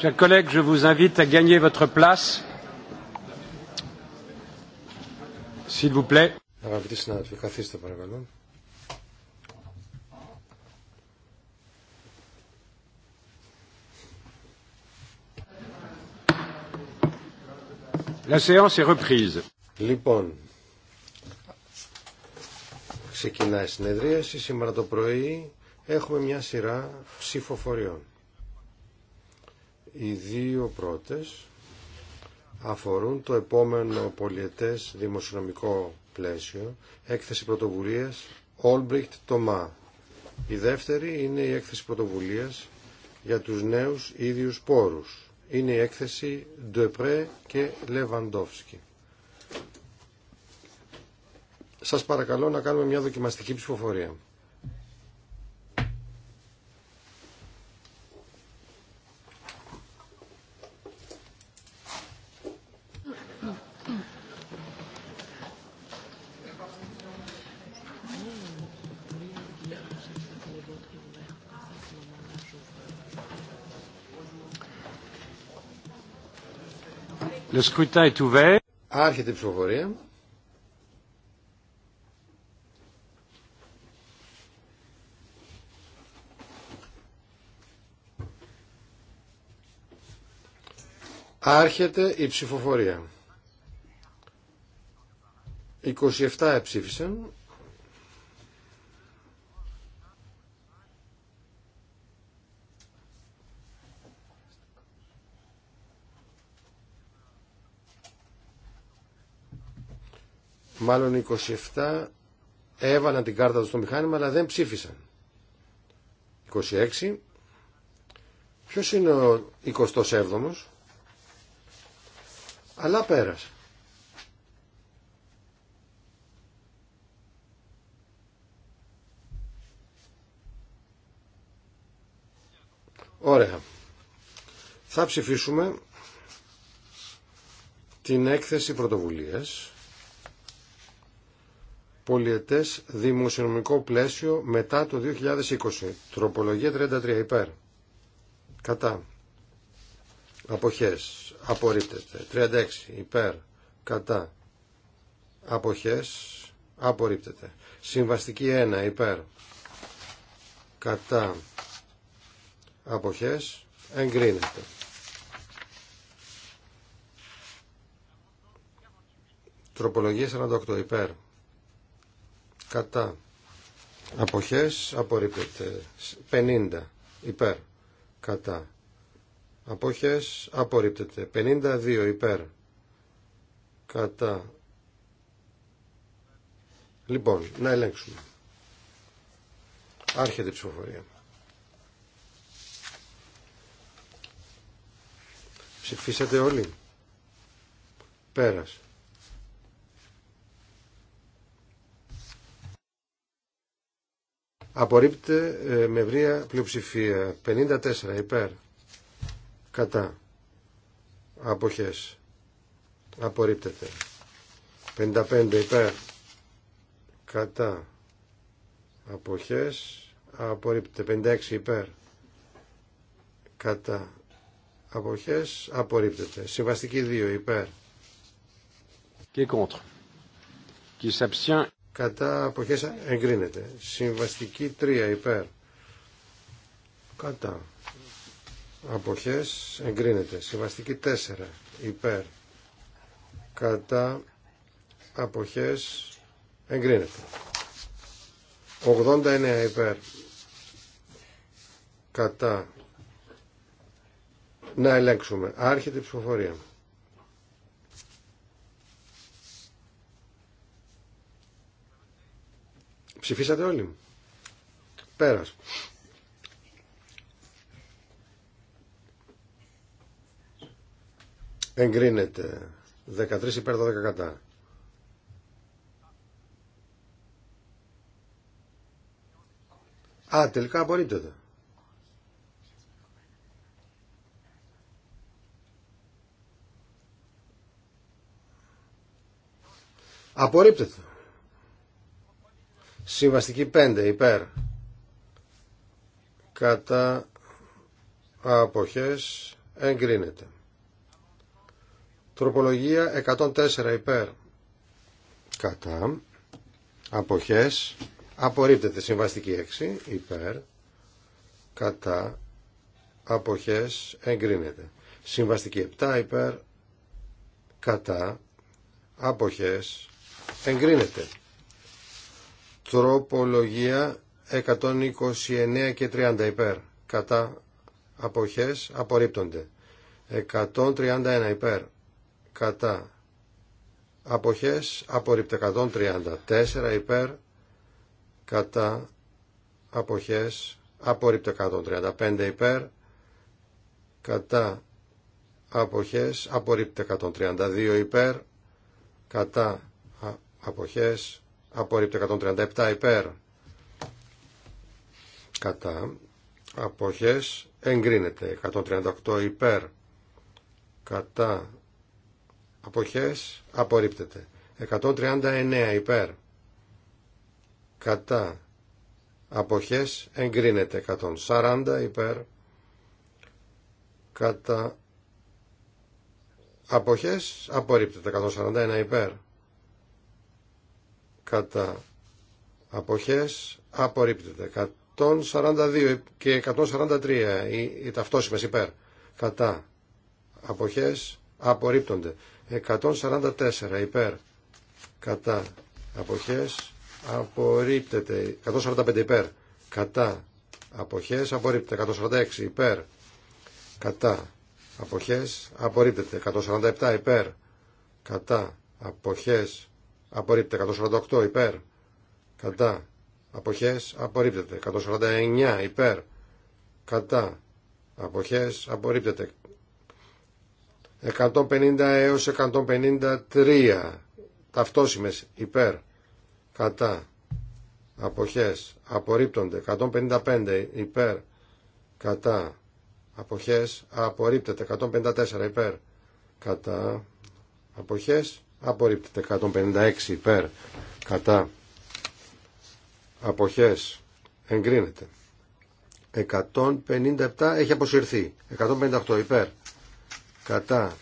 Chers collègues, je vous invite à gagner votre place. S'il vous plaît. συνάδελφοι, καθίστε παρακαλώ. La séance Λοιπόν, ξεκινάει η συνεδρίαση. Σήμερα το πρωί έχουμε μια σειρά ψηφοφοριών. Οι δύο πρώτες αφορούν το επόμενο πολιετές δημοσιονομικό πλαίσιο, έκθεση πρωτοβουλίας Olbricht Τομά. Η δεύτερη είναι η έκθεση πρωτοβουλίας για τους νέους ίδιους πόρους. Είναι η έκθεση Ντεπρέ και Λεβαντόφσκι. Σας παρακαλώ να κάνουμε μια δοκιμαστική ψηφοφορία. Le scrutin est ouvert. Άρχεται η ψηφοφορία. Άρχεται η ψηφοφορία. 27 ψήφισαν. μάλλον 27 έβαλαν την κάρτα του στο μηχάνημα αλλά δεν ψήφισαν. 26. Ποιος είναι ο 27ος? Αλλά πέρασε. Ωραία. Θα ψηφίσουμε την έκθεση πρωτοβουλίας πολιετές δημοσιονομικό πλαίσιο μετά το 2020. Τροπολογία 33 υπέρ. Κατά. Αποχές. Απορρίπτεται. 36 υπέρ. Κατά. Αποχές. Απορρίπτεται. Συμβαστική 1 υπέρ. Κατά. Αποχές. Εγκρίνεται. Τροπολογία 48 υπέρ κατά αποχές απορρίπτεται 50 υπέρ κατά αποχές απορρίπτεται 52 υπέρ κατά λοιπόν να ελέγξουμε άρχεται η ψηφοφορία ψηφίσατε όλοι πέρασε Απορρίπτεται ε, με ευρεία πλειοψηφία. 54 υπέρ. Κατά. Αποχές. Απορρίπτεται. 55 υπέρ. Κατά. Αποχές. Απορρίπτεται. 56 υπέρ. Κατά. Αποχές. Απορρίπτεται. Συμβαστική 2 υπέρ. Και contre. Qui s'abstient κατά αποχές εγκρίνεται. Συμβαστική 3 υπέρ κατά αποχές εγκρίνεται. Συμβαστική 4 υπέρ κατά αποχές εγκρίνεται. 89 υπέρ κατά να ελέγξουμε. Άρχεται η ψηφοφορία. Ψηφίσατε όλοι. Πέρας. Εγκρίνεται. 13 υπέρ 12 κατά. Α, τελικά απορρίπτεται. Απορρίπτεται. Συμβαστική 5 υπέρ κατά αποχές εγκρίνεται. Τροπολογία 104 υπέρ κατά αποχές απορρίπτεται. Συμβαστική 6 υπέρ κατά αποχές εγκρίνεται. Συμβαστική 7 υπέρ κατά αποχές εγκρίνεται. Τροπολογία 129 και 30 υπέρ. Κατά αποχές απορρίπτονται. 131 υπέρ. Κατά αποχές απορρίπτεται. 134 υπέρ. Κατά αποχές απορρίπτεται. 135 υπέρ. Κατά αποχές απορρίπτεται. 132 υπέρ. Κατά αποχές απορρίπτω 137 υπέρ κατά αποχές εγκρίνεται 138 υπέρ κατά αποχές απορρίπτεται 139 υπέρ κατά αποχές εγκρίνεται 140 υπέρ κατά αποχές απορρίπτεται 141 υπέρ κατά αποχές απορρίπτεται 142 και 143 οι, οι ταυτόσιμες υπέρ κατά αποχές απορρίπτονται 144 υπέρ κατά αποχές απορρίπτεται 145 υπέρ κατά αποχές απορρίπτεται 146 υπέρ κατά αποχές απορρίπτεται 147 υπέρ κατά αποχές απορρίπτεται 148 υπέρ κατά Αποχέ, απορρίπτεται 149 υπέρ κατά αποχές απορρίπτεται 150 έως 153 ταυτόσιμες υπέρ κατά αποχές απορρίπτονται 155 υπέρ κατά αποχές απορρίπτεται 154 υπέρ κατά αποχές απορρίπτεται 156 υπέρ κατά αποχές εγκρίνεται 157 έχει αποσυρθεί 158 υπέρ κατά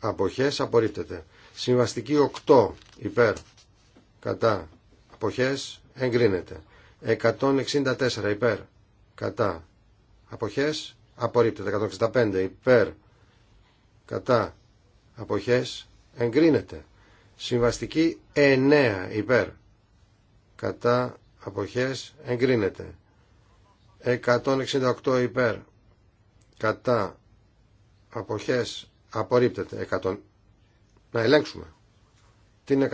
αποχές απορρίπτεται συμβαστική 8 υπέρ κατά αποχές εγκρίνεται 164 υπέρ κατά αποχές απορρίπτεται 165 υπέρ κατά αποχές εγκρίνεται. Συμβαστική 9 υπέρ κατά αποχές εγκρίνεται. 168 υπέρ κατά αποχές απορρίπτεται. 100... Να ελέγξουμε. Την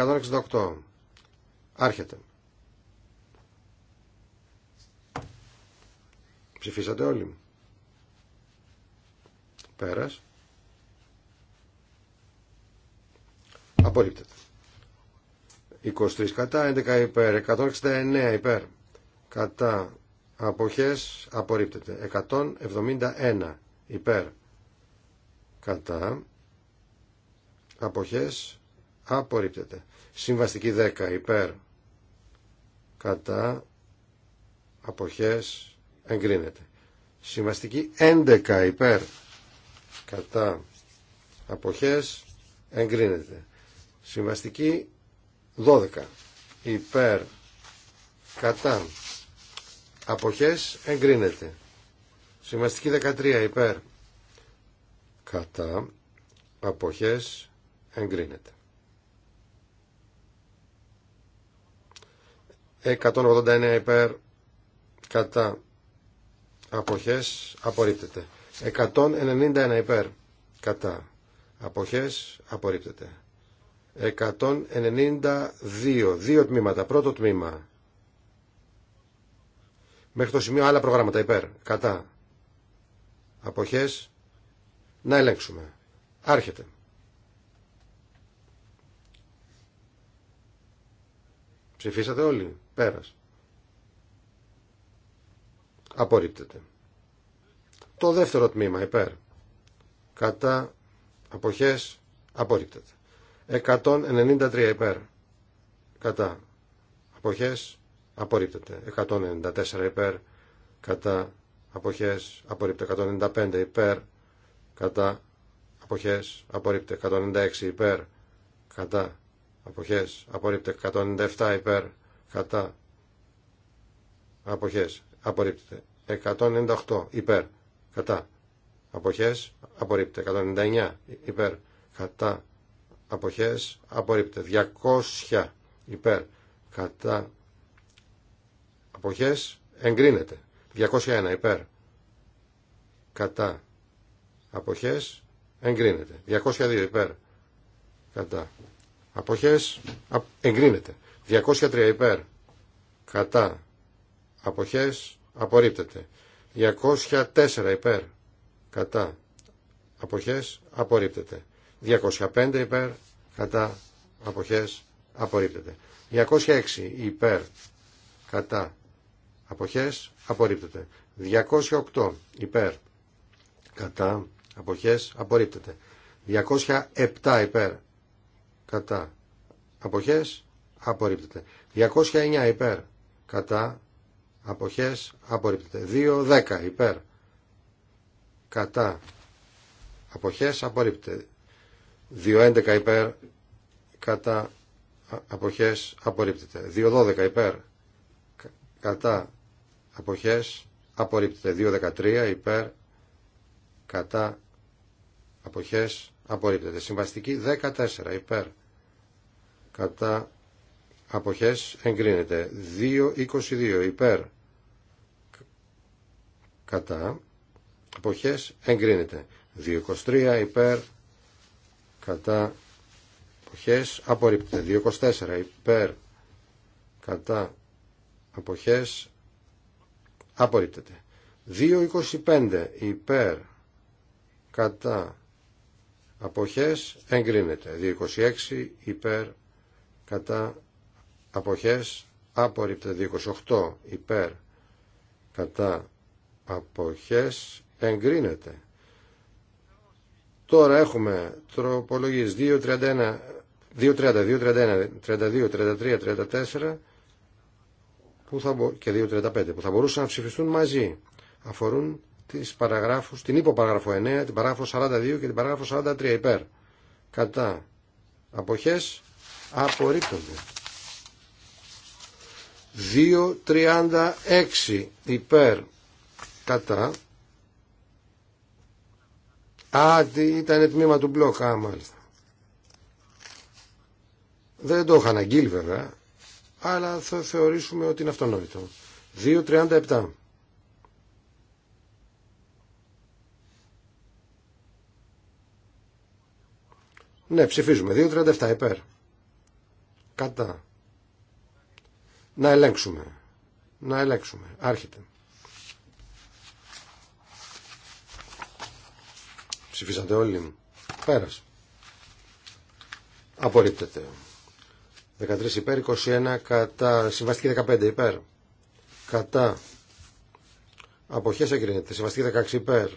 168 άρχεται. Ψηφίσατε όλοι. Πέρας. Απορρίπτεται. 23 κατά, 11 υπέρ, 169 υπέρ. Κατά αποχές απορρίπτεται. 171 υπέρ. Κατά αποχές απορρίπτεται. Συμβαστική 10 υπέρ. Κατά αποχές εγκρίνεται. Συμβαστική 11 υπέρ. Κατά αποχές εγκρίνεται. Συμβαστική 12. Υπέρ. Κατά. Αποχές εγκρίνεται. Συμβαστική 13. Υπέρ. Κατά. Αποχές εγκρίνεται. 189 υπέρ κατά αποχές απορρίπτεται. 191 υπέρ κατά αποχές απορρίπτεται. 192. Δύο τμήματα. Πρώτο τμήμα. Μέχρι το σημείο άλλα προγράμματα υπέρ. Κατά. Αποχές. Να ελέγξουμε. Άρχεται. Ψηφίσατε όλοι. Πέρας. Απορρίπτεται. Το δεύτερο τμήμα υπέρ. Κατά. Αποχές. Απορρίπτεται. 193 υπέρ. Κατά. Αποχές. Απορρίπτεται. 194 υπέρ. Κατά. Αποχές. Απορρίπτεται. 195 υπέρ. Κατά. Αποχές. Απορρίπτεται. 196 υπέρ. Κατά. Αποχές. Απορρίπτεται. 197 υπέρ. Κατά. Αποχές. Απορρίπτεται. 198 υπέρ. Κατά. Αποχές. Απορρίπτεται. 199 υπέρ. Κατά αποχές απορρίπτεται 200 υπέρ κατά αποχές εγκρίνεται 201 υπέρ κατά αποχές εγκρίνεται 202 υπέρ κατά αποχές εγκρίνεται 203 υπέρ κατά αποχές απορρίπτεται 204 υπέρ κατά αποχές απορρίπτεται 205 υπέρ κατά αποχές απορρίπτεται. 206 υπέρ κατά αποχές απορρίπτεται. 208 υπέρ κατά αποχές απορρίπτεται. 207 υπέρ κατά αποχές απορρίπτεται. 209 υπέρ κατά αποχές απορρίπτεται. 210 υπέρ κατά αποχές απορρίπτεται. 2.11 υπέρ κατά αποχές απορρίπτεται. 2.12 υπέρ κατά αποχές απορρίπτεται. 2.13 υπέρ κατά αποχές απορρίπτεται. Συμβαστική 14 υπέρ κατά αποχές εγκρίνεται. 2.22 υπέρ κατά αποχές εγκρίνεται. 2.23 υπέρ κατά αποχές απορρίπτεται 224 υπέρ κατά αποχές απορρίπτεται 225 υπέρ κατά αποχές εγκρίνεται 226 υπέρ κατά αποχές απορρίπτεται 228 υπέρ κατά αποχές εγκρίνεται Τώρα έχουμε τροπολογίες 2.31, 2.30, 2.31, 32, 33, 34 που θα, και 2.35 που θα μπορούσαν να ψηφιστούν μαζί. Αφορούν τις παραγράφους, την υποπαράγραφο 9, την παράγραφο 42 και την παράγραφο 43 υπέρ. Κατά αποχές απορρίπτονται. 2.36 υπέρ κατά Α, ήταν τμήμα του μπλοκ. Α, μάλιστα. Δεν το είχα αναγγείλει βέβαια, αλλά θα θεωρήσουμε ότι είναι αυτονόητο. 2.37. Ναι, ψηφίζουμε. 2.37 υπέρ. Κατά. Να ελέγξουμε. Να ελέγξουμε. Άρχεται. Ψηφίσατε όλοι. Πέρασε. Απορρίπτεται. 13 υπέρ, 21 κατά. Συμβαστική 15 υπέρ. Κατά. Αποχές εγκρίνεται. Συμβαστική 16 υπέρ.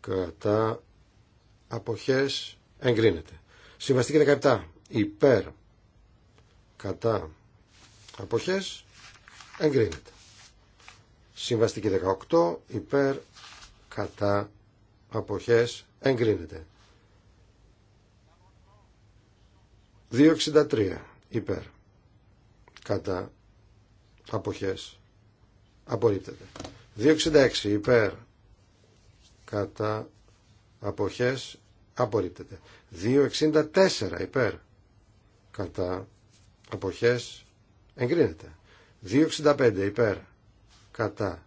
Κατά. Αποχές εγκρίνεται. Συμβαστική 17 υπέρ. Κατά. Αποχές εγκρίνεται. Συμβαστική 18 υπέρ. Κατά αποχές εγκρίνεται. 2.63 υπέρ κατά αποχές απορρίπτεται. 2.66 υπέρ κατά αποχές απορρίπτεται. 2.64 υπέρ κατά αποχές εγκρίνεται. 2.65 υπέρ κατά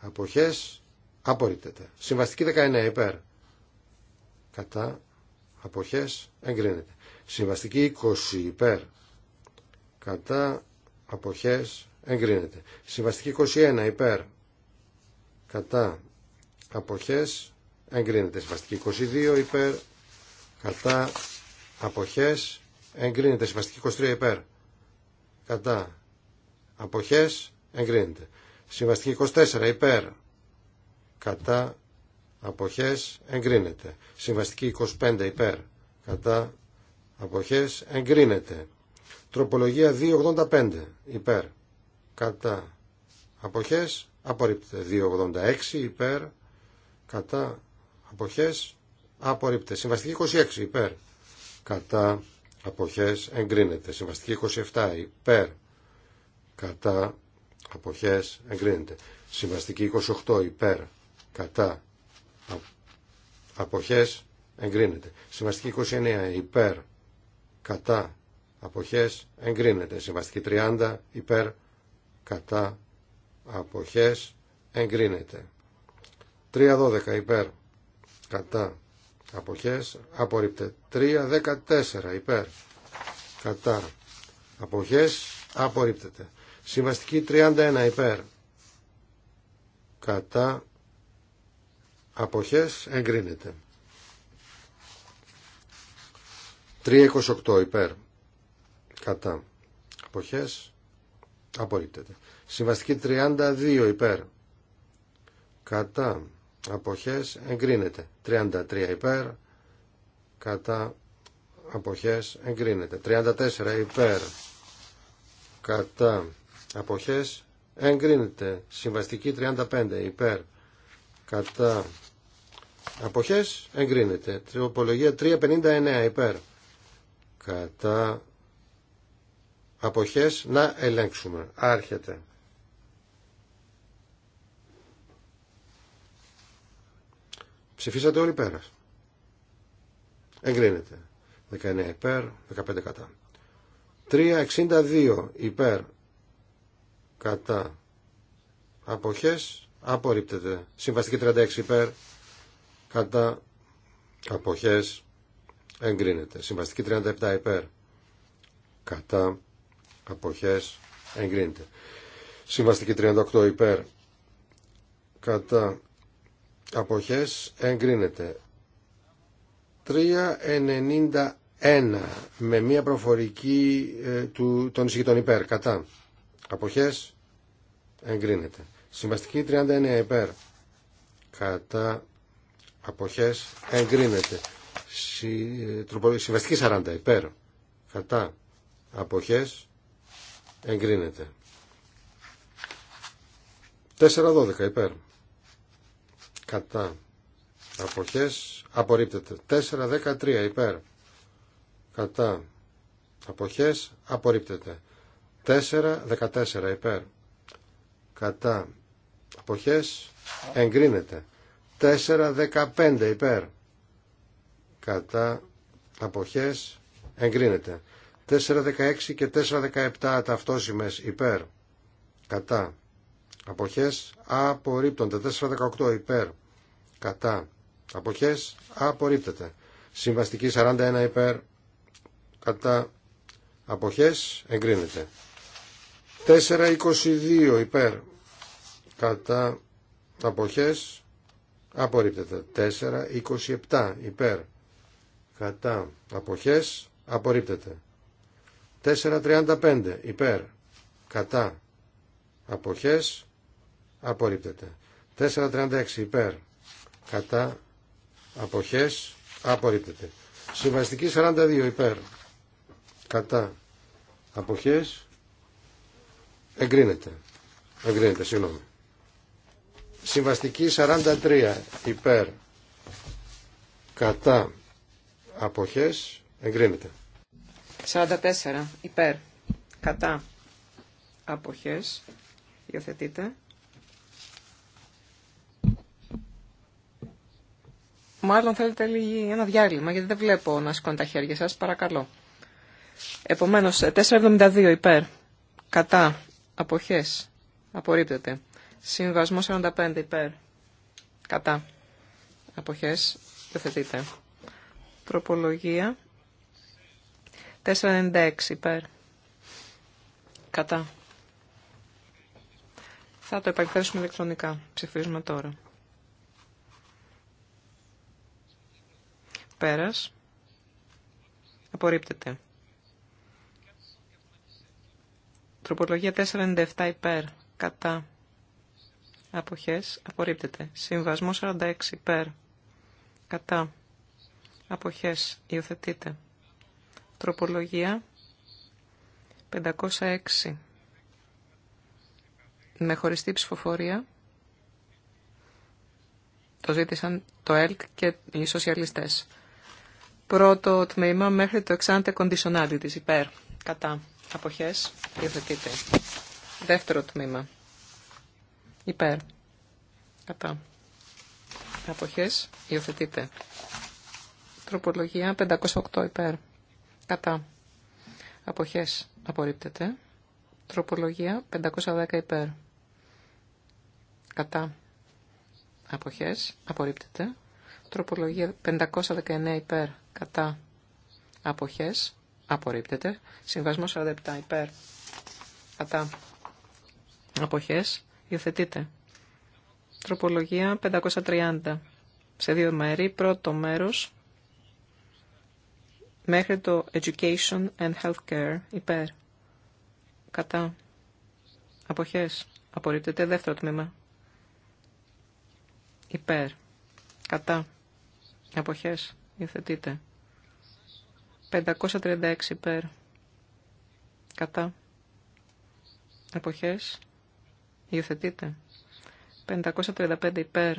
αποχές Απορρίπτεται. Συμβαστική 19 υπέρ. Κατά. Αποχές. Εγκρίνεται. Συμβαστική 20 υπέρ. Κατά. Αποχές. Εγκρίνεται. Συμβαστική 21 υπέρ. Κατά. Αποχές. Εγκρίνεται. Συμβαστική 22 υπέρ. Κατά. Αποχές. Εγκρίνεται. Συμβαστική 23 υπέρ. Κατά. Αποχές. Εγκρίνεται. Συμβαστική 24 υπέρ κατά αποχές εγκρίνεται. Συμβαστική 25 υπέρ κατά αποχές εγκρίνεται. Τροπολογία 285 υπέρ κατά αποχές απορρίπτεται. 286 υπέρ κατά αποχές απορρίπτεται. Συμβαστική 26 υπέρ κατά αποχές εγκρίνεται. Συμβαστική 27 υπέρ κατά αποχές εγκρίνεται. Συμβαστική 28 υπέρ κατά αποχές εγκρίνεται. Συμβαστική 29 υπέρ κατά αποχές εγκρίνεται. Συμβαστική 30 υπέρ κατά αποχές εγκρίνεται. 3.12 υπέρ κατά αποχές απορρίπτε. 3.14 υπέρ κατά αποχές απορρίπτεται. Συμβαστική 31 υπέρ κατά αποχές εγκρίνεται. 328 υπέρ κατά αποχές απορρίπτεται. Συμβαστική 32 υπέρ κατά αποχές εγκρίνεται. 33 υπέρ κατά αποχές εγκρίνεται. 34 υπέρ κατά αποχές εγκρίνεται. Συμβαστική 35 υπέρ κατά αποχές εγκρίνεται. Τριοπολογία 359 υπέρ κατά αποχές να ελέγξουμε. Άρχεται. Ψηφίσατε όλοι πέρα. Εγκρίνεται. 19 υπέρ, 15 κατά. 362 υπέρ κατά αποχές απορρίπτεται. Συμβαστική 36 υπέρ κατά αποχές εγκρίνεται. Συμβαστική 37 υπέρ κατά αποχές εγκρίνεται. Συμβαστική 38 υπέρ κατά αποχές εγκρίνεται. 3.91 με μια προφορική ε, του, των εισηγητών υπέρ κατά αποχές εγκρίνεται. Συμβαστική 39 υπέρ. Κατά αποχές εγκρίνεται. Ε, συμβαστική 40 υπέρ. Κατά αποχές εγκρίνεται. 4-12 υπέρ. Κατά αποχές απορρίπτεται. 4-13 υπέρ. Κατά αποχές απορρίπτεται. 4-14 υπέρ. Κατά αποχές εγκρίνεται 4.15 υπέρ κατά αποχές εγκρίνεται 4.16 και 4.17 ταυτόσημες υπέρ κατά αποχές απορρίπτονται 4.18 υπέρ κατά αποχές απορρίπτεται συμβαστική 41 υπέρ κατά αποχές εγκρίνεται 4.22 υπέρ κατά αποχές απορρίπτεται 4 27 υπέρ κατά αποχές απορρίπτεται 4.35 υπέρ κατά αποχές απορρίπτεται 4.36 υπέρ κατά αποχές απορρίπτεται συμβαστική 42 υπέρ κατά αποχές εγκρίνεται εγκρίνεται συγγνώμη Συμβαστική 43 υπέρ κατά αποχές εγκρίνεται. 44 υπέρ κατά αποχές υιοθετείται. Μάλλον θέλετε λίγη, ένα διάλειμμα γιατί δεν βλέπω να σηκώνει τα χέρια σας. Παρακαλώ. Επομένως 472 υπέρ κατά αποχές απορρίπτεται. Συμβασμό 45 υπέρ. Κατά. Αποχές. Δεθετείτε. Τροπολογία. 496 υπέρ. Κατά. Θα το επαληθέσουμε ηλεκτρονικά. Ψηφίζουμε τώρα. Πέρας. Απορρίπτεται. Τροπολογία 497 υπέρ. Κατά. Αποχές απορρίπτεται. Συμβασμό 46 υπέρ. Κατά. Αποχές υιοθετείται. Τροπολογία 506. Με χωριστή ψηφοφορία το ζήτησαν το ΕΛΚ και οι σοσιαλιστές. Πρώτο τμήμα μέχρι το εξάντε της υπέρ. Κατά. Αποχές υιοθετείται. Δεύτερο τμήμα Υπέρ. Κατά. Αποχές. Υιοθετείτε. Τροπολογία 508 υπέρ. Κατά. Αποχές. Απορρίπτεται. Τροπολογία 510 υπέρ. Κατά. Αποχές. Απορρίπτεται. Τροπολογία 519 υπέρ. Κατά. Αποχές. Απορρίπτεται. Συμβασμό 47 υπέρ. Κατά. Αποχές. Υιοθετείτε. Τροπολογία 530. Σε δύο μέρη. Πρώτο μέρος μέχρι το Education and Healthcare. Υπέρ. Κατά. Αποχές. Απορρίπτεται. Δεύτερο τμήμα. Υπέρ. Κατά. Αποχές. Υιοθετείτε. 536 υπέρ. Κατά. Αποχές. Υιοθετείτε. 535 υπέρ.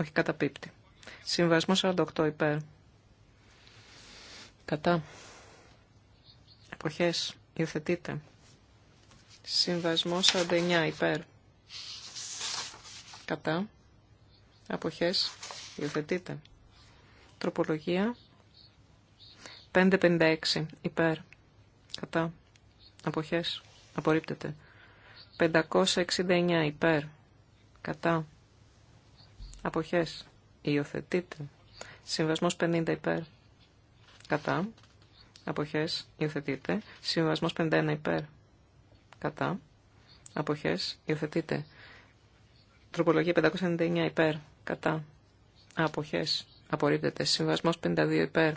Όχι καταπίπτει. Συμβασμό 48 υπέρ. Κατά. Εποχές. Υιοθετείτε. Συμβασμό 49 υπέρ. Κατά. Αποχές. Υιοθετείτε. Τροπολογία. 556 υπέρ. Κατά. Αποχές. Απορρίπτεται. 569 υπέρ. Κατά. Αποχές. Υιοθετείτε. Συμβασμός 50 υπέρ. Κατά. Αποχές. Υιοθετείτε. Συμβασμός 51 υπέρ. Κατά. Αποχές. Υιοθετείτε. Τροπολογία 599 υπέρ. Κατά. Αποχές. Απορρίπτεται. Συμβασμός 52 υπέρ.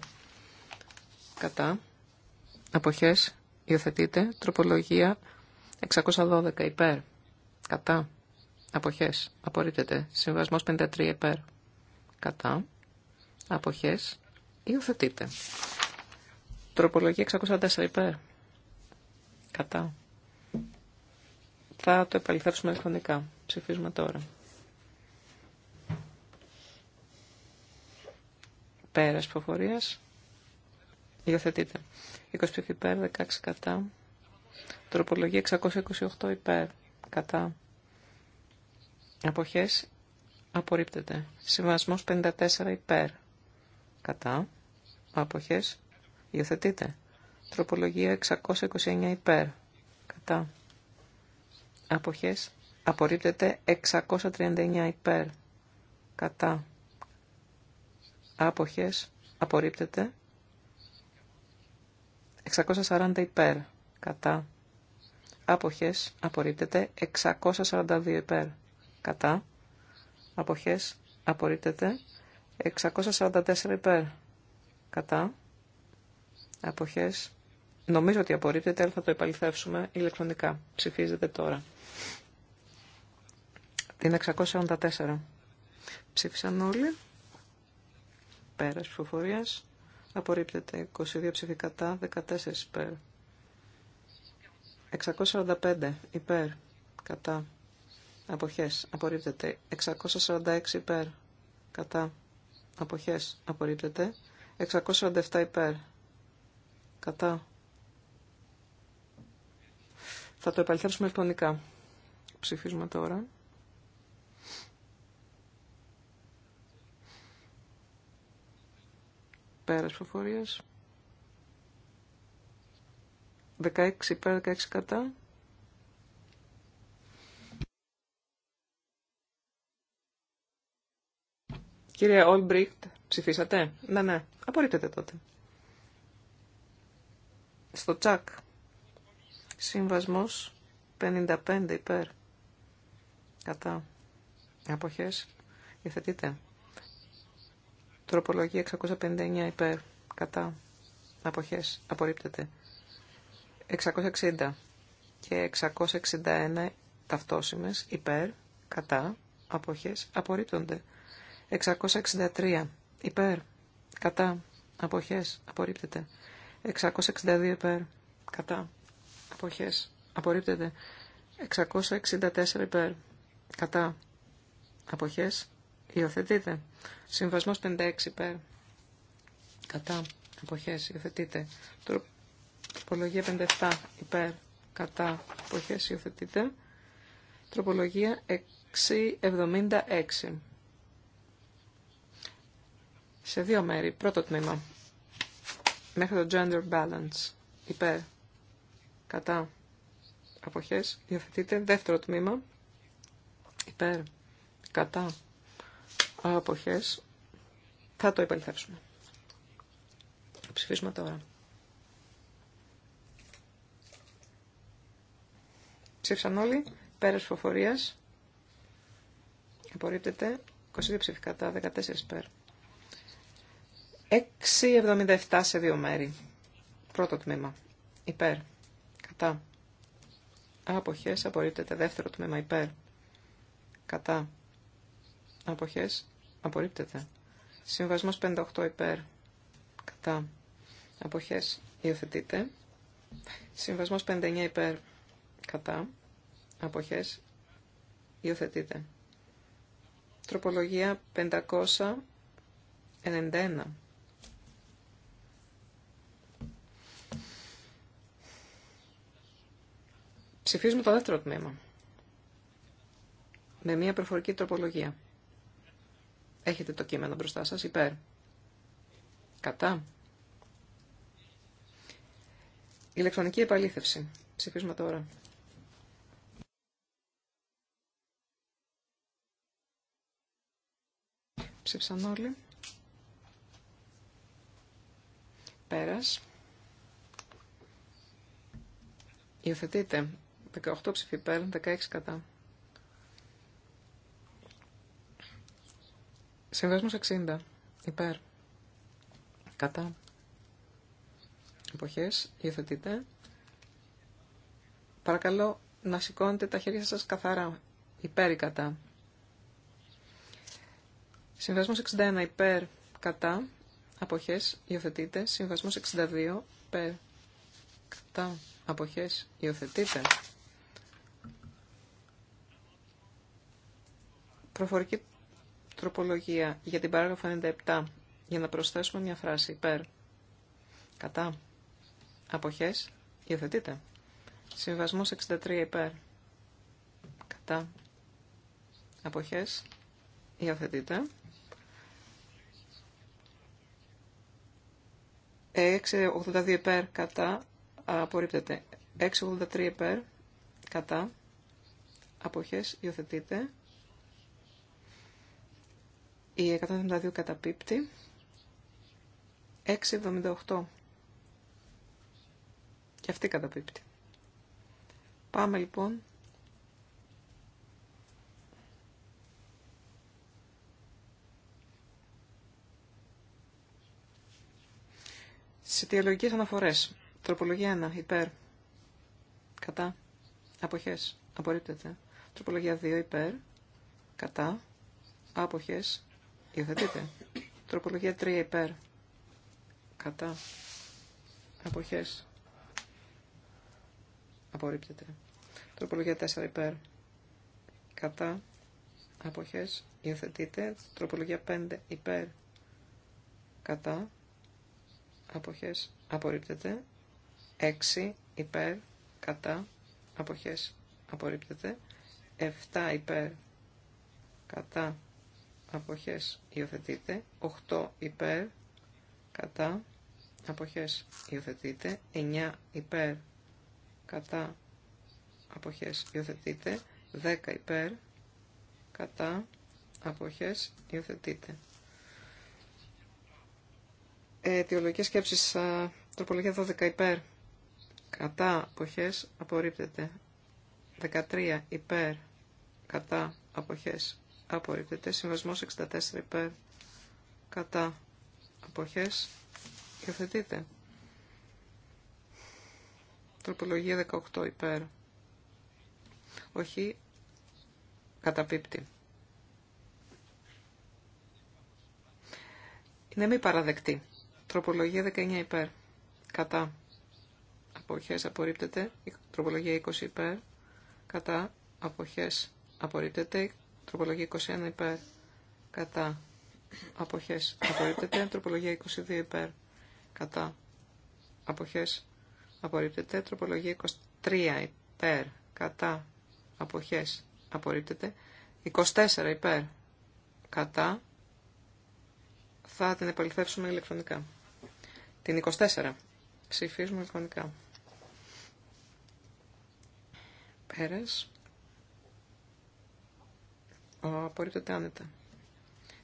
Κατά. Αποχές. Υιοθετείτε. Τροπολογία 612 υπέρ. Κατά. Αποχές. Απορρίπτεται. Συμβασμός 53 υπέρ. Κατά. Αποχές. Υιοθετείται. Τροπολογία 604 υπέρ. Κατά. Θα το επαληθεύσουμε ηλεκτρονικά. Ψηφίζουμε τώρα. Πέρας προφορίας, Υιοθετείται. 20 υπέρ, 16 κατά. Τροπολογία 628 υπέρ. Κατά. Αποχές. Απορρίπτεται. Συμβασμός 54 υπέρ. Κατά. Αποχές. Υιοθετείται. Τροπολογία 629 υπέρ. Κατά. Αποχές. Απορρίπτεται 639 υπέρ. Κατά. Άποχες. Απορρίπτεται 640 υπέρ. Κατά. Αποχές απορρίπτεται 642 υπέρ. Κατά. Αποχές απορρίπτεται 644 υπέρ. Κατά. Αποχές. Νομίζω ότι απορρίπτεται, αλλά θα το επαληθεύσουμε ηλεκτρονικά. Ψηφίζεται τώρα. Την 644. Ψήφισαν όλοι. Πέρας ψηφοφορίας. Απορρίπτεται 22 κατά 14 υπέρ. 645 υπέρ κατά αποχές απορρίπτεται 646 υπέρ κατά αποχές απορρίπτεται 647 υπέρ κατά θα το επαληθεύσουμε ηλεκτρονικά ψηφίζουμε τώρα πέρας προφορίας 16 υπέρ, 16 κατά. Κύριε Ολμπριχτ, ψηφίσατε. Ναι, ναι. Απορρίπτεται τότε. Στο τσακ. Συμβασμός 55 υπέρ. Κατά. Αποχές. Υιοθετείτε. Τροπολογία 659 υπέρ. Κατά. Αποχές. Απορρίπτεται. 660 και 661 ταυτόσημες υπέρ, κατά, αποχές, απορρίπτονται. 663 υπέρ, κατά, αποχές, απορρίπτεται. 662 υπέρ, κατά, αποχές, απορρίπτεται. 664 υπέρ, κατά, αποχές, υιοθετείται. Συμβασμός 56 υπέρ, κατά, αποχές, υιοθετείται. Τροπολογία 57 υπέρ κατά αποχές υιοθετείται. Τροπολογία 676. Σε δύο μέρη. Πρώτο τμήμα. Μέχρι το gender balance. Υπέρ. Κατά. Αποχές. Υιοθετείται. Δεύτερο τμήμα. Υπέρ. Κατά. Αποχές. Θα το υπερθέψουμε. Ψηφίσουμε τώρα. Ψήφισαν όλοι. Πέρας ψηφοφορία. Απορρίπτεται. 22 ψήφικα, τα 14 πέρα. 6,77 σε δύο μέρη. Πρώτο τμήμα. Υπέρ. Κατά. Αποχές απορρίπτεται. Δεύτερο τμήμα. Υπέρ. Κατά. Αποχές απορρίπτεται. Συμβασμό 58 υπέρ. Κατά. Αποχές υιοθετείται. Συμβασμός 59 υπέρ κατά αποχές υιοθετείται. Τροπολογία 591. Ψηφίζουμε το δεύτερο τμήμα. Με μια προφορική τροπολογία. Έχετε το κείμενο μπροστά σας, υπέρ. Κατά. Ηλεκτρονική επαλήθευση. Ψηφίζουμε τώρα. Ψήφισαν όλοι. Πέρας. Υιοθετείτε. 18 ψήφι υπέρ, 16 κατά. Συμβασμός 60. Υπέρ. Κατά. Εποχές. Υιοθετείτε. Παρακαλώ να σηκώνετε τα χέρια σας καθαρά. Υπέρ ή κατά. Συμβασμός 61 υπέρ κατά αποχές υιοθετείται. Συμβασμός 62 υπέρ κατά αποχές υιοθετείται. Προφορική τροπολογία για την παράγραφο 97 για να προσθέσουμε μια φράση υπέρ κατά αποχές υιοθετείται. Συμβασμός 63 υπέρ κατά αποχές υιοθετείται. 6,82 υπέρ κατά απορρίπτεται. 6,83 υπέρ κατά αποχές υιοθετείται. Η 172 καταπίπτει. 6,78 και αυτή καταπίπτει. Πάμε λοιπόν αιτιολογικές αναφορές. Τροπολογία 1. Υπέρ. Κατά. Αποχές. Απορρίπτεται. Τροπολογία 2. Υπέρ. Κατά. Αποχές. υιοθετείτε. Τροπολογία 3. Υπέρ. Κατά. Αποχές. Απορρίπτεται. Τροπολογία 4. Υπέρ. Κατά. Αποχές. υιοθετείτε. Τροπολογία 5. Υπέρ. Κατά αποχές απορρίπτεται. 6 υπέρ κατά αποχές απορρίπτεται. 7 υπέρ κατά αποχές υιοθετείται. 8 υπέρ κατά αποχές υιοθετείται. 9 υπέρ κατά αποχές υιοθετείται. 10 υπέρ κατά αποχές υιοθετείται. Αιτιολογική σκέψη τροπολογία 12 υπέρ. Κατά αποχές απορρίπτεται. 13 υπέρ. Κατά αποχές απορρίπτεται. Συμβασμός 64 υπέρ. Κατά αποχές υιοθετείται. Τροπολογία 18 υπέρ. Όχι καταπίπτει. Είναι μη παραδεκτή. Τροπολογία 19 υπέρ. Κατά. Αποχές απορρίπτεται. Τροπολογία 20 υπέρ. Κατά. Αποχές απορρίπτεται. Τροπολογία 21 υπέρ. Κατά. Αποχές απορρίπτεται. Τροπολογία 22 υπέρ. Κατά. Αποχές απορρίπτεται. Τροπολογία 23 υπέρ. Κατά. Αποχές απορρίπτεται. 24 υπέρ. Κατά. Θα την επαληθεύσουμε ηλεκτρονικά. Την 24. Ψηφίζουμε Πέρες. Πέρες. Ο, απορρίπτεται άνετα.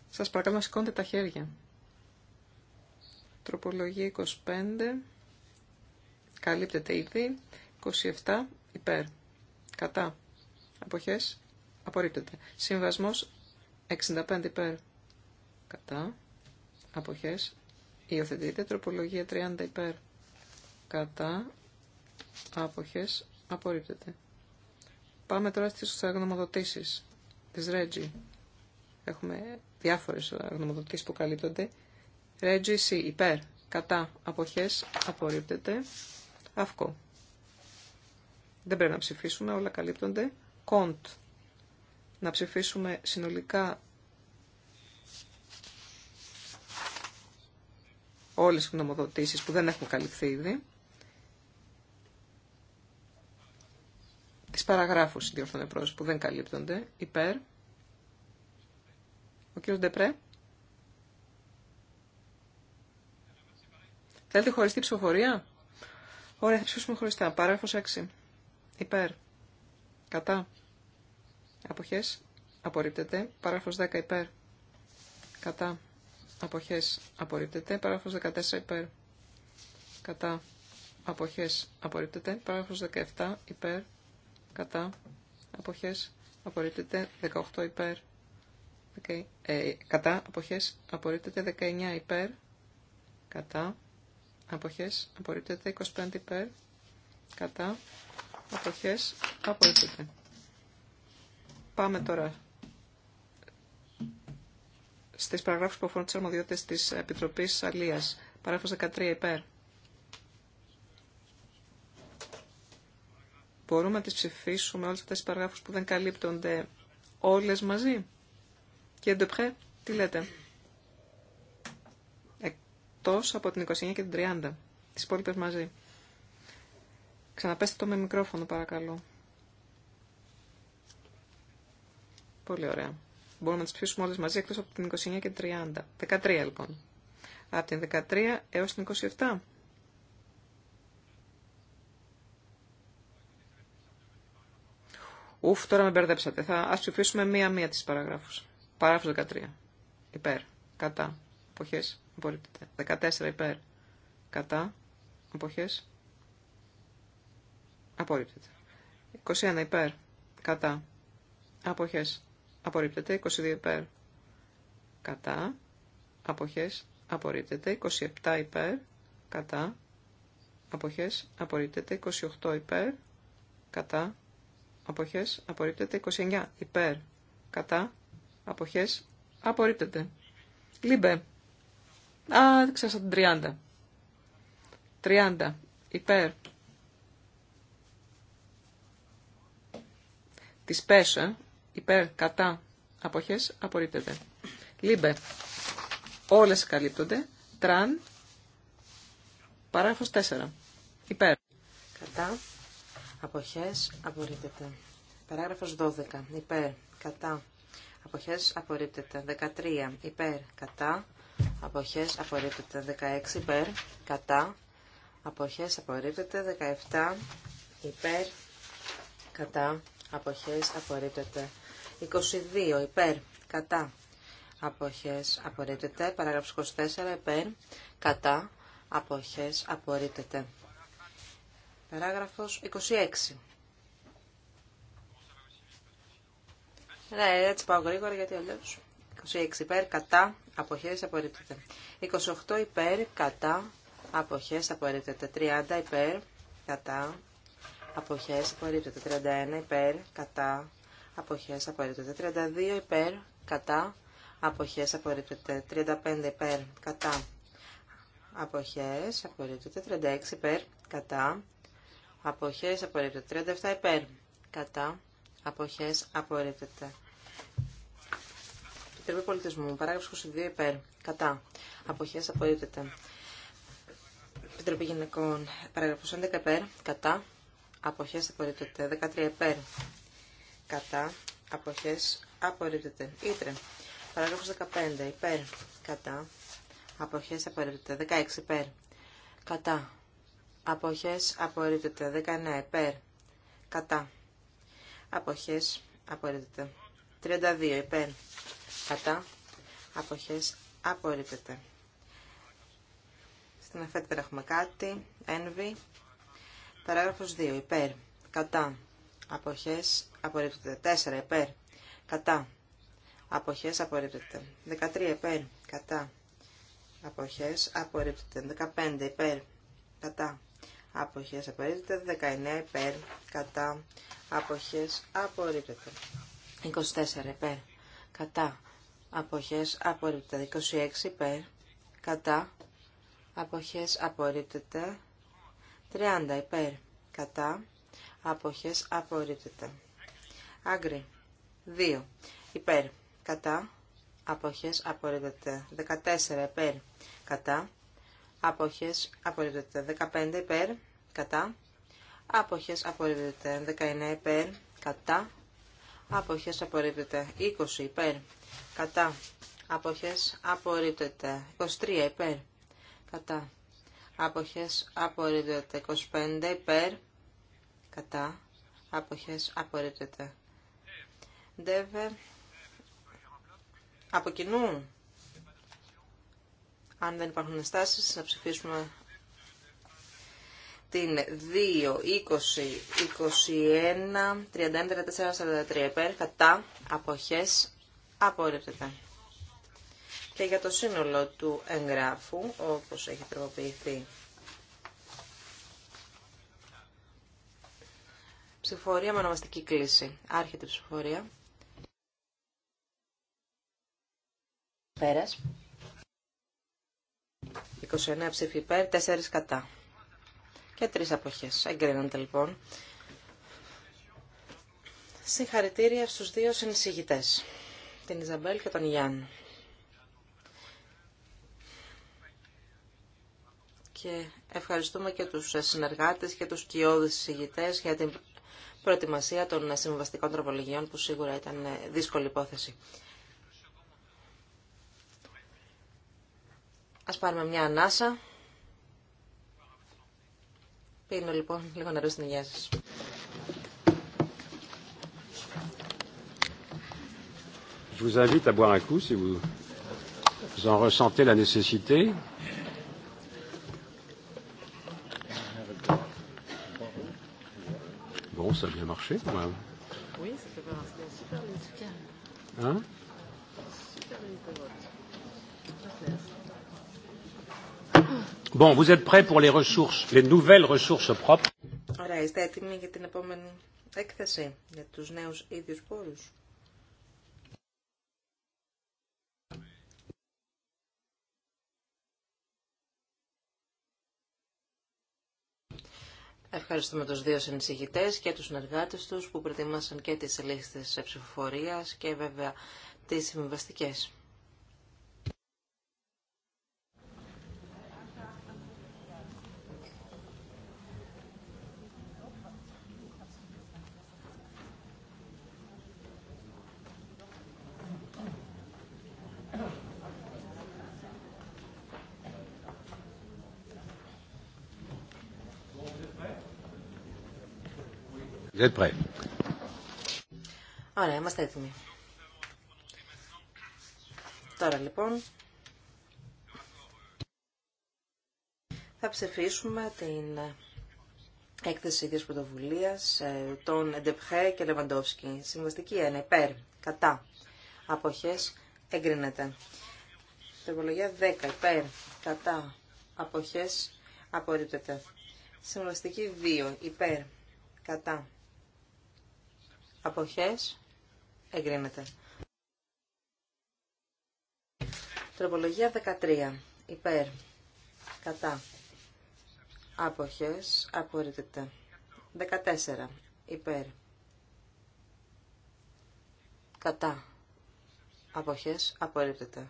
Σας παρακαλώ να σηκώνετε τα χέρια. Τροπολογία 25. Καλύπτεται ήδη. 27. Υπέρ. Κατά. Αποχές. Απορρίπτεται. Συμβασμός 65 υπέρ. Κατά. Αποχές. Υιοθετείτε τροπολογία 30 υπέρ. Κατά. Άποχες. Απορρίπτεται. Πάμε τώρα στις αγνομοδοτήσεις της Ρέτζι. Έχουμε διάφορες αγνομοδοτήσεις που καλύπτονται. Ρέτζι C υπέρ. Κατά. Αποχές. Απορρίπτεται. Αυκό. Δεν πρέπει να ψηφίσουμε. Όλα καλύπτονται. Κοντ. Να ψηφίσουμε συνολικά όλες οι γνωμοδοτήσεις που δεν έχουν καλυφθεί ήδη. Τις παραγράφους διορθώνε προς που δεν καλύπτονται. Υπέρ. Ο κύριος Ντεπρέ. Θέλετε χωριστή ψηφοφορία. Ωραία, θα ψηφίσουμε χωριστά. Παράγραφος 6. Υπέρ. Κατά. Αποχές. Απορρίπτεται. Παράγραφος 10. Υπέρ. Κατά αποχές απορρίπτεται. Παράγραφος 14 υπέρ. Κατά αποχές απορρίπτεται. Παράγραφος 17 υπέρ. Κατά αποχές απορρίπτεται. 18 υπέρ. Ε, κατά αποχές απορρίπτεται. 19 υπέρ. Κατά αποχές απορρίπτεται. 25 υπέρ. Κατά αποχές απορρίπτεται. Πάμε τώρα Στι παραγράφου που αφορούν τι αρμοδιότητε τη Επιτροπής Αλίας. Παράγραφος 13 υπέρ. Μπορούμε να τι ψηφίσουμε όλε αυτέ τι παραγράφου που δεν καλύπτονται Όλε μαζί. Κύριε εντεπχέ, τι λέτε. Εκτό από την 29 και την 30. Τις υπόλοιπε μαζί. Ξαναπέστε το με μικρόφωνο παρακαλώ. Πολύ ωραία. Μπορούμε να τις ψηφίσουμε όλες μαζί εκτός από την 29 και την 30. 13 λοιπόν. Από την 13 έως την 27. Ουφ, τώρα με μπερδέψατε. Θα ας ψηφίσουμε μία-μία τις παραγράφους. Παράγραφος 13. Υπέρ. Κατά. Εποχές. Απορρίπτεται. 14 υπέρ. Κατά. Εποχές. Απορρίπτεται. 21 υπέρ. Κατά. Αποχές απορρίπτεται 22 υπέρ κατά αποχές απορρίπτεται 27 υπέρ κατά αποχές απορρίπτεται 28 υπέρ κατά αποχές απορρίπτεται 29 υπέρ κατά αποχές απορρίπτεται λίμπε α δεν ξέρω την 30 30 υπέρ της πέσα υπέρ, κατά, αποχές, απορρίπτεται. Λίμπε, όλες καλύπτονται. Τραν, παράγραφος 4, υπέρ. Κατά, αποχές, απορρίπτεται. Παράγραφος 12, υπέρ, κατά, αποχές, απορρίπτεται. 13, υπέρ, κατά, αποχές, απορρίπτεται. 16, υπέρ, κατά, αποχές, απορρίπτεται. 17, υπέρ, κατά, αποχές, απορρίπτεται. 22 υπέρ κατά αποχές απορρίπτεται. Παράγραφος 24 υπέρ κατά αποχές απορρίπτεται. Παράγραφος 26. Ναι, έτσι πάω γρήγορα γιατί αλλιώ. 26 υπέρ, κατά, αποχές, απορρίπτεται. 28 υπέρ, κατά, αποχές, απορρίπτεται. 30 υπέρ, κατά, αποχές, απορρίπτεται. 31 υπέρ, κατά, αποχές απορρίπτεται. 32 υπέρ, κατά, αποχές απορρίπτεται. 35 υπέρ, κατά, αποχές απορρίπτεται. 36 υπέρ, κατά, αποχές απορρίπτεται. 37 υπέρ, κατά, αποχές απορρίπτεται. Επιτροπή Πολιτισμού, παράγραφος 22 υπέρ, κατά, αποχές απορρίπτεται. Επιτροπή Γυναικών, παράγραφος 11 υπέρ, κατά, αποχές απορρίπτεται. 13 υπέρ, κατά, αποχές, απορρίπτεται. Ήτρε. Παράγραφος 15. Υπέρ, κατά, αποχές, απορρίπτεται. 16. Υπέρ, κατά, αποχές, απορρίπτεται. 19. Υπέρ, κατά, αποχές, απορρίπτεται. 32. Υπέρ, κατά, αποχές, απορρίπτεται. Στην αφέτητα έχουμε κάτι. Envy. Παράγραφος 2. Υπέρ. Κατά. Αποχές απορρίπτεται. 4 επέρ, Κατά. Αποχές απορρίπτεται. 13 επέρ, Κατά. Αποχές απορρίπτεται. 15 επέρ, Κατά. Αποχές απορρίπτεται. 19 επέρ, Κατά. Αποχές απορρίπτεται. 24 επέρ. Κατά. Αποχές απορρίπτεται. 26 Επέρ. Κατά. Αποχές απορρίπτεται. 30 υπέρ. Κατά αποχές απορρίπτεται. Άγκρι 2 υπέρ κατά αποχές απορρίπτεται. 14 υπέρ κατά αποχές απορρίπτεται. 15 υπέρ κατά αποχές απορρίπτεται. 19 υπέρ κατά αποχές απορρίπτεται. 20 υπέρ κατά αποχές απορρίπτεται. 23 υπέρ κατά αποχές απορρίπτεται. 25 υπέρ κατά αποχές απορρίπτεται. Δεύε από κοινού. Αν δεν υπάρχουν ενστάσεις, να ψηφίσουμε την 2, 20, 21, 31, 44, 43 υπέρ, κατά, αποχές, απορρίπτεται. Και για το σύνολο του εγγράφου, όπως έχει τροποποιηθεί ψηφορία με ονομαστική κλίση. Άρχεται η ψηφορία. Πέρας. 29 ψηφί υπέρ, 4 κατά. Και 3 αποχές. Εγκρίνονται λοιπόν. Συγχαρητήρια στους δύο συνεισηγητές. Την Ιζαμπέλ και τον Γιάννη. και ευχαριστούμε και τους συνεργάτες και τους κοιόδους συζητητές για την προετοιμασία των συμβαστικών τροπολογιών που σίγουρα ήταν δύσκολη υπόθεση. Ας πάρουμε μια ανάσα. Πίνω λοιπόν λίγο νερό στην υγεία σας. vous invite à boire un coup si vous en ressentez la nécessité. bon, ça a bien marché quand même. Oui, c'était un super minute de Hein Super minute Bon, vous êtes prêts pour les ressources, les nouvelles ressources propres. Ωραία, είστε έτοιμοι για την επόμενη έκθεση για τους νέους ίδιους πόρους. Ευχαριστούμε τους δύο συνεισηγητές και τους συνεργάτες τους που προετοίμασαν και τις λίστες ψηφοφορίας και βέβαια τις συμβαστικές. Ωραία, είμαστε έτοιμοι. Τώρα λοιπόν θα ψηφίσουμε την έκθεση της πρωτοβουλίας ε, των Ντεπχέ και Λεβαντόφσκι. Συμβαστική 1. Υπέρ. Κατά. Αποχές. Εγκρίνεται. Τροπολογία 10. Υπέρ. Κατά. Αποχές. Απορρίπτεται. Συμβαστική 2. Υπέρ. Κατά αποχές εγκρίνεται. Τροπολογία 13. Υπέρ. Κατά. Άποχες. Απορρίπτεται. 14. Υπέρ. Κατά. Άποχες. Απορρίπτεται.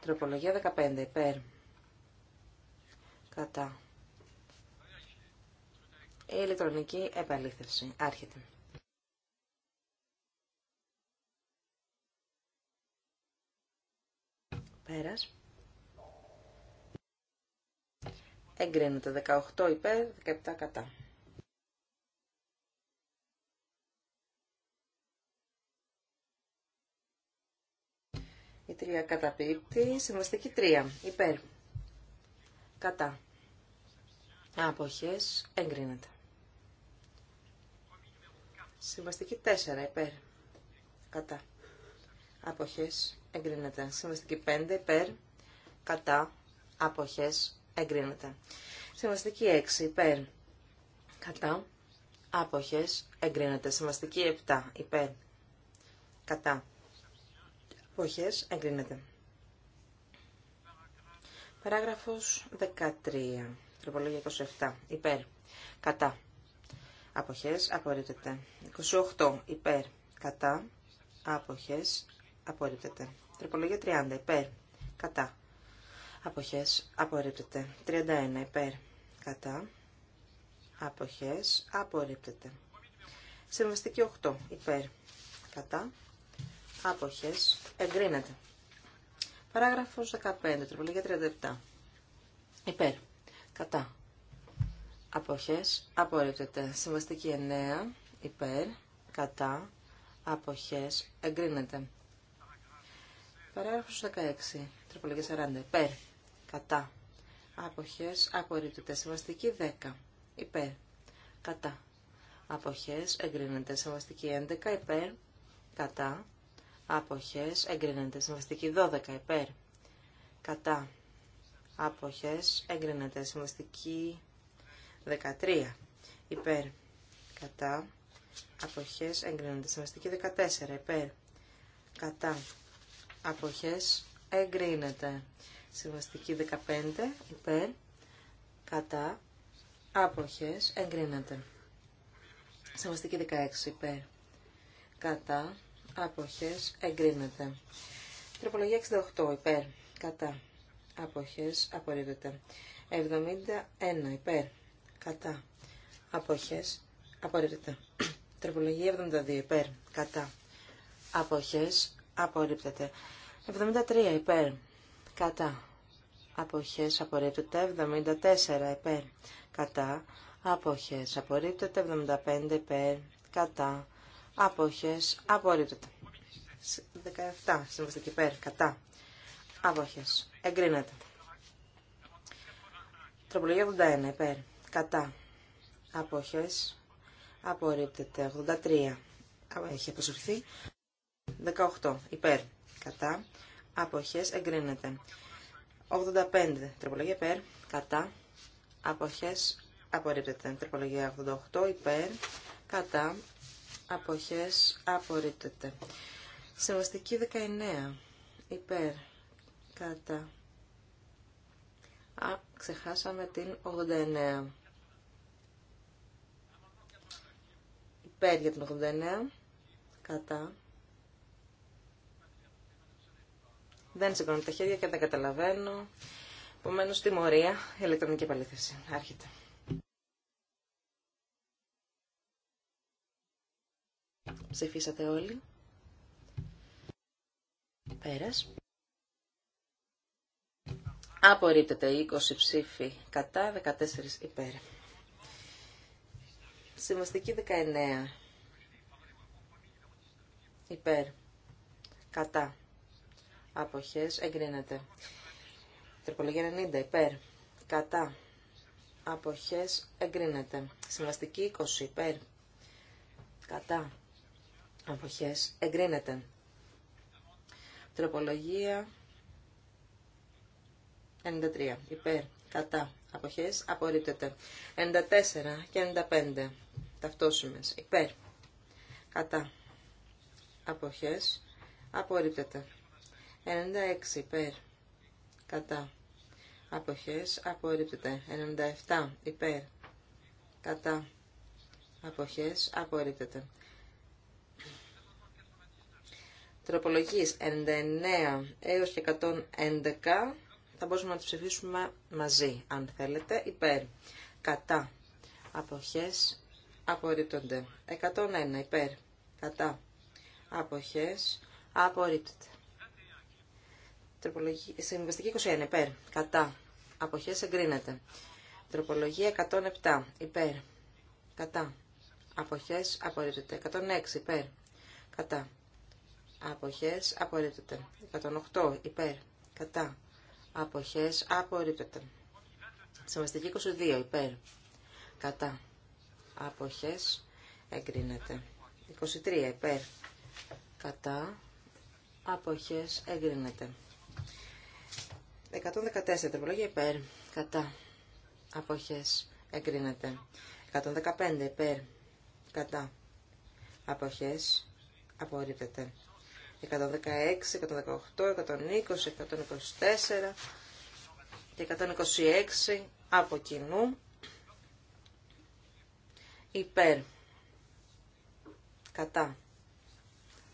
Τροπολογία 15. Υπέρ. Κατά. Η ηλεκτρονική επαλήθευση. Άρχεται. αέρας. Εγκρίνεται 18 υπέρ, 17 κατά. Η τρία καταπίπτει, συμβαστική 3 υπέρ, κατά. Αποχές, εγκρίνεται. Συμβαστική 4 υπέρ, κατά αποχές εγκρίνεται. Συμβαστική 5 υπέρ, κατά, αποχές εγκρίνεται. Συμβαστική 6 υπέρ, κατά, αποχές εγκρίνεται. Συμβαστική 7 υπέρ, κατά, αποχές εγκρίνεται. Παράγραφος 13, τροπολογία 27, υπέρ, κατά, αποχές απορρίπτεται. 28 υπέρ, κατά, αποχές απορρίπτεται. Τροπολογία 30 υπέρ, κατά. Αποχές, απορρίπτεται. 31 υπέρ, κατά. Αποχές, απορρίπτεται. Συμβαστική 8 υπέρ, κατά. Αποχές, εγκρίνεται. Παράγραφος 15, τροπολογία 37. Υπέρ, κατά. Αποχές, απορρίπτεται. Συμβαστική 9, υπέρ, κατά. Αποχές, εγκρίνεται. Παράγραφος 16. Τροπολογία 40. Υπέρ. Κατά. Αποχές. Απορρίπτεται. Συμβαστική 10. Υπέρ. Κατά. Αποχές. Εγκρίνεται. Σεβαστική 11. Υπέρ. Κατά. Αποχές. Εγκρίνεται. Σεβαστική 12. Υπέρ. Κατά. Αποχές. Εγκρίνεται. σημαστική 13. Υπέρ. Κατά. Αποχές. Εγκρίνεται. Σεβαστική 14. Υπέρ. Κατά αποχές εγκρίνεται. Συμβαστική 15 υπέρ κατά αποχές εγκρίνεται. Συμβαστική 16 υπέρ κατά αποχές εγκρίνεται. Τροπολογία 68 υπέρ κατά αποχές απορρίπτεται. 71 υπέρ κατά αποχές απορρίπτεται. Τροπολογία 72 υπέρ κατά αποχές απορρίπτεται. 73 υπέρ, κατά, αποχές απορρίπτεται. 74 υπέρ, κατά, αποχές απορρίπτεται. 75 υπέρ, κατά, αποχές απορρίπτεται. 17 συμβαστική υπέρ, κατά, αποχές, εγκρίνεται. Τροπολογία 81 υπέρ, κατά, αποχές, απορρίπτεται. 83 έχει αποσυρθεί. 18 υπέρ κατά αποχές εγκρίνεται. 85 τροπολογία υπέρ κατά αποχές απορρίπτεται. Τροπολογία 88 υπέρ κατά αποχές απορρίπτεται. Συμβαστική 19 υπέρ κατά Α, ξεχάσαμε την 89. Υπέρ για την 89, κατά, Δεν σηκώνω τα χέρια και δεν καταλαβαίνω. Επομένω, τιμωρία, ηλεκτρονική επαλήθευση. Άρχεται. Ψηφίσατε όλοι. Πέρας. Απορρίπτεται 20 ψήφοι κατά, 14 υπέρ. Συμβαστική 19. Υπέρ. Κατά αποχές εγκρίνεται. Τροπολογία 90 υπέρ κατά αποχές εγκρίνεται. Συμβαστική 20 υπέρ κατά αποχές εγκρίνεται. Τροπολογία 93 υπέρ κατά αποχές απορρίπτεται. 94 και 95 ταυτόσημες υπέρ κατά αποχές απορρίπτεται. 96 υπέρ. Κατά. Αποχές απορρίπτεται. 97 υπέρ. Κατά. Αποχές απορρίπτεται. Τροπολογίες 99 έως και 111 θα μπορούσαμε να τις ψηφίσουμε μαζί, αν θέλετε, υπέρ. Κατά. Αποχές απορρίπτονται. 101 υπέρ. Κατά. Αποχές απορρίπτεται. Συμβαστική 21 υπέρ. Κατά. Αποχές εγκρίνεται. Τροπολογία 107 υπέρ. Κατά. Αποχές απορρίπτεται. 106 υπέρ. Κατά. Αποχές απορρίπτεται. 108 υπέρ. Κατά. Αποχές απορρίπτεται. Συμβαστική 22 υπέρ. Κατά. Αποχές εγκρίνεται. 23 υπέρ. Κατά. Αποχές εγκρίνεται. 114 τροπολογία υπέρ. Κατά. Αποχές. Εγκρίνεται. 115 υπέρ. Κατά. Αποχές. Απορρίπτεται. 116, 118, 120, 124 126 από κοινού υπέρ κατά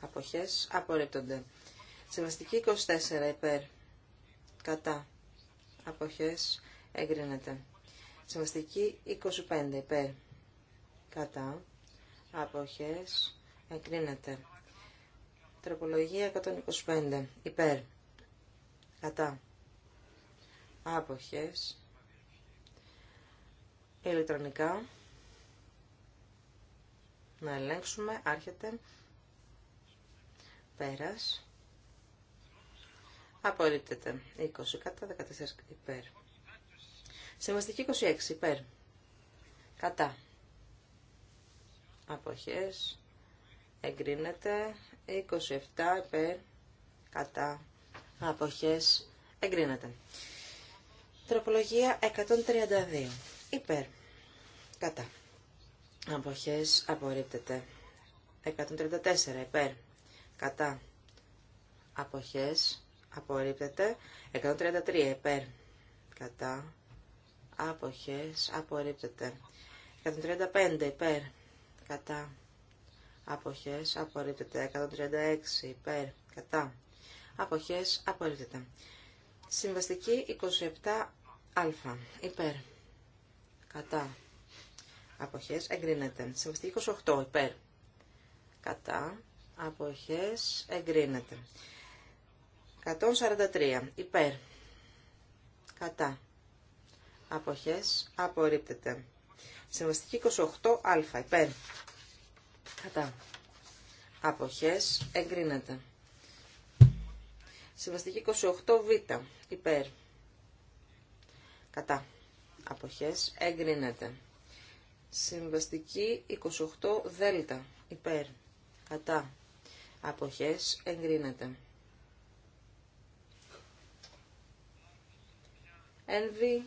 αποχές απορρίπτονται. Συμβαστική 24 υπέρ. Κατά. Αποχές εγκρίνεται. Συμβαστική 25 υπέρ. Κατά. Αποχές εγκρίνεται. Τροπολογία 125 υπέρ. Κατά. Άποχες. Ηλεκτρονικά. Να ελέγξουμε. Άρχεται. Πέρας. Απορρίπτεται. 20 κατά 14 υπέρ. Σεβαστική 26 υπέρ. Κατά. Αποχές. Εγκρίνεται. 27 υπέρ. Κατά. Αποχές. Εγκρίνεται. Τροπολογία 132. Υπέρ. Κατά. Αποχές. Απορρίπτεται. 134 υπέρ. Κατά. Αποχές απορρίπτεται. 133 υπέρ κατά αποχές απορρίπτεται. 135 υπέρ κατά αποχές απορρίπτεται. 136 υπέρ κατά αποχές απορρίπτεται. Συμβαστική 27α υπέρ κατά αποχές εγκρίνεται. Συμβαστική 28 υπέρ κατά αποχές εγκρίνεται. 143. Υπέρ. Κατά. Αποχές. Απορρίπτεται. Συμβαστική 28α. Υπέρ. Κατά. Αποχές. Εγκρίνεται. Συμβαστική 28β. Υπέρ. Κατά. Αποχές. Εγκρίνεται. Συμβαστική 28 δέλτα. Υπέρ. Κατά. Αποχές. Εγκρίνεται. Envy.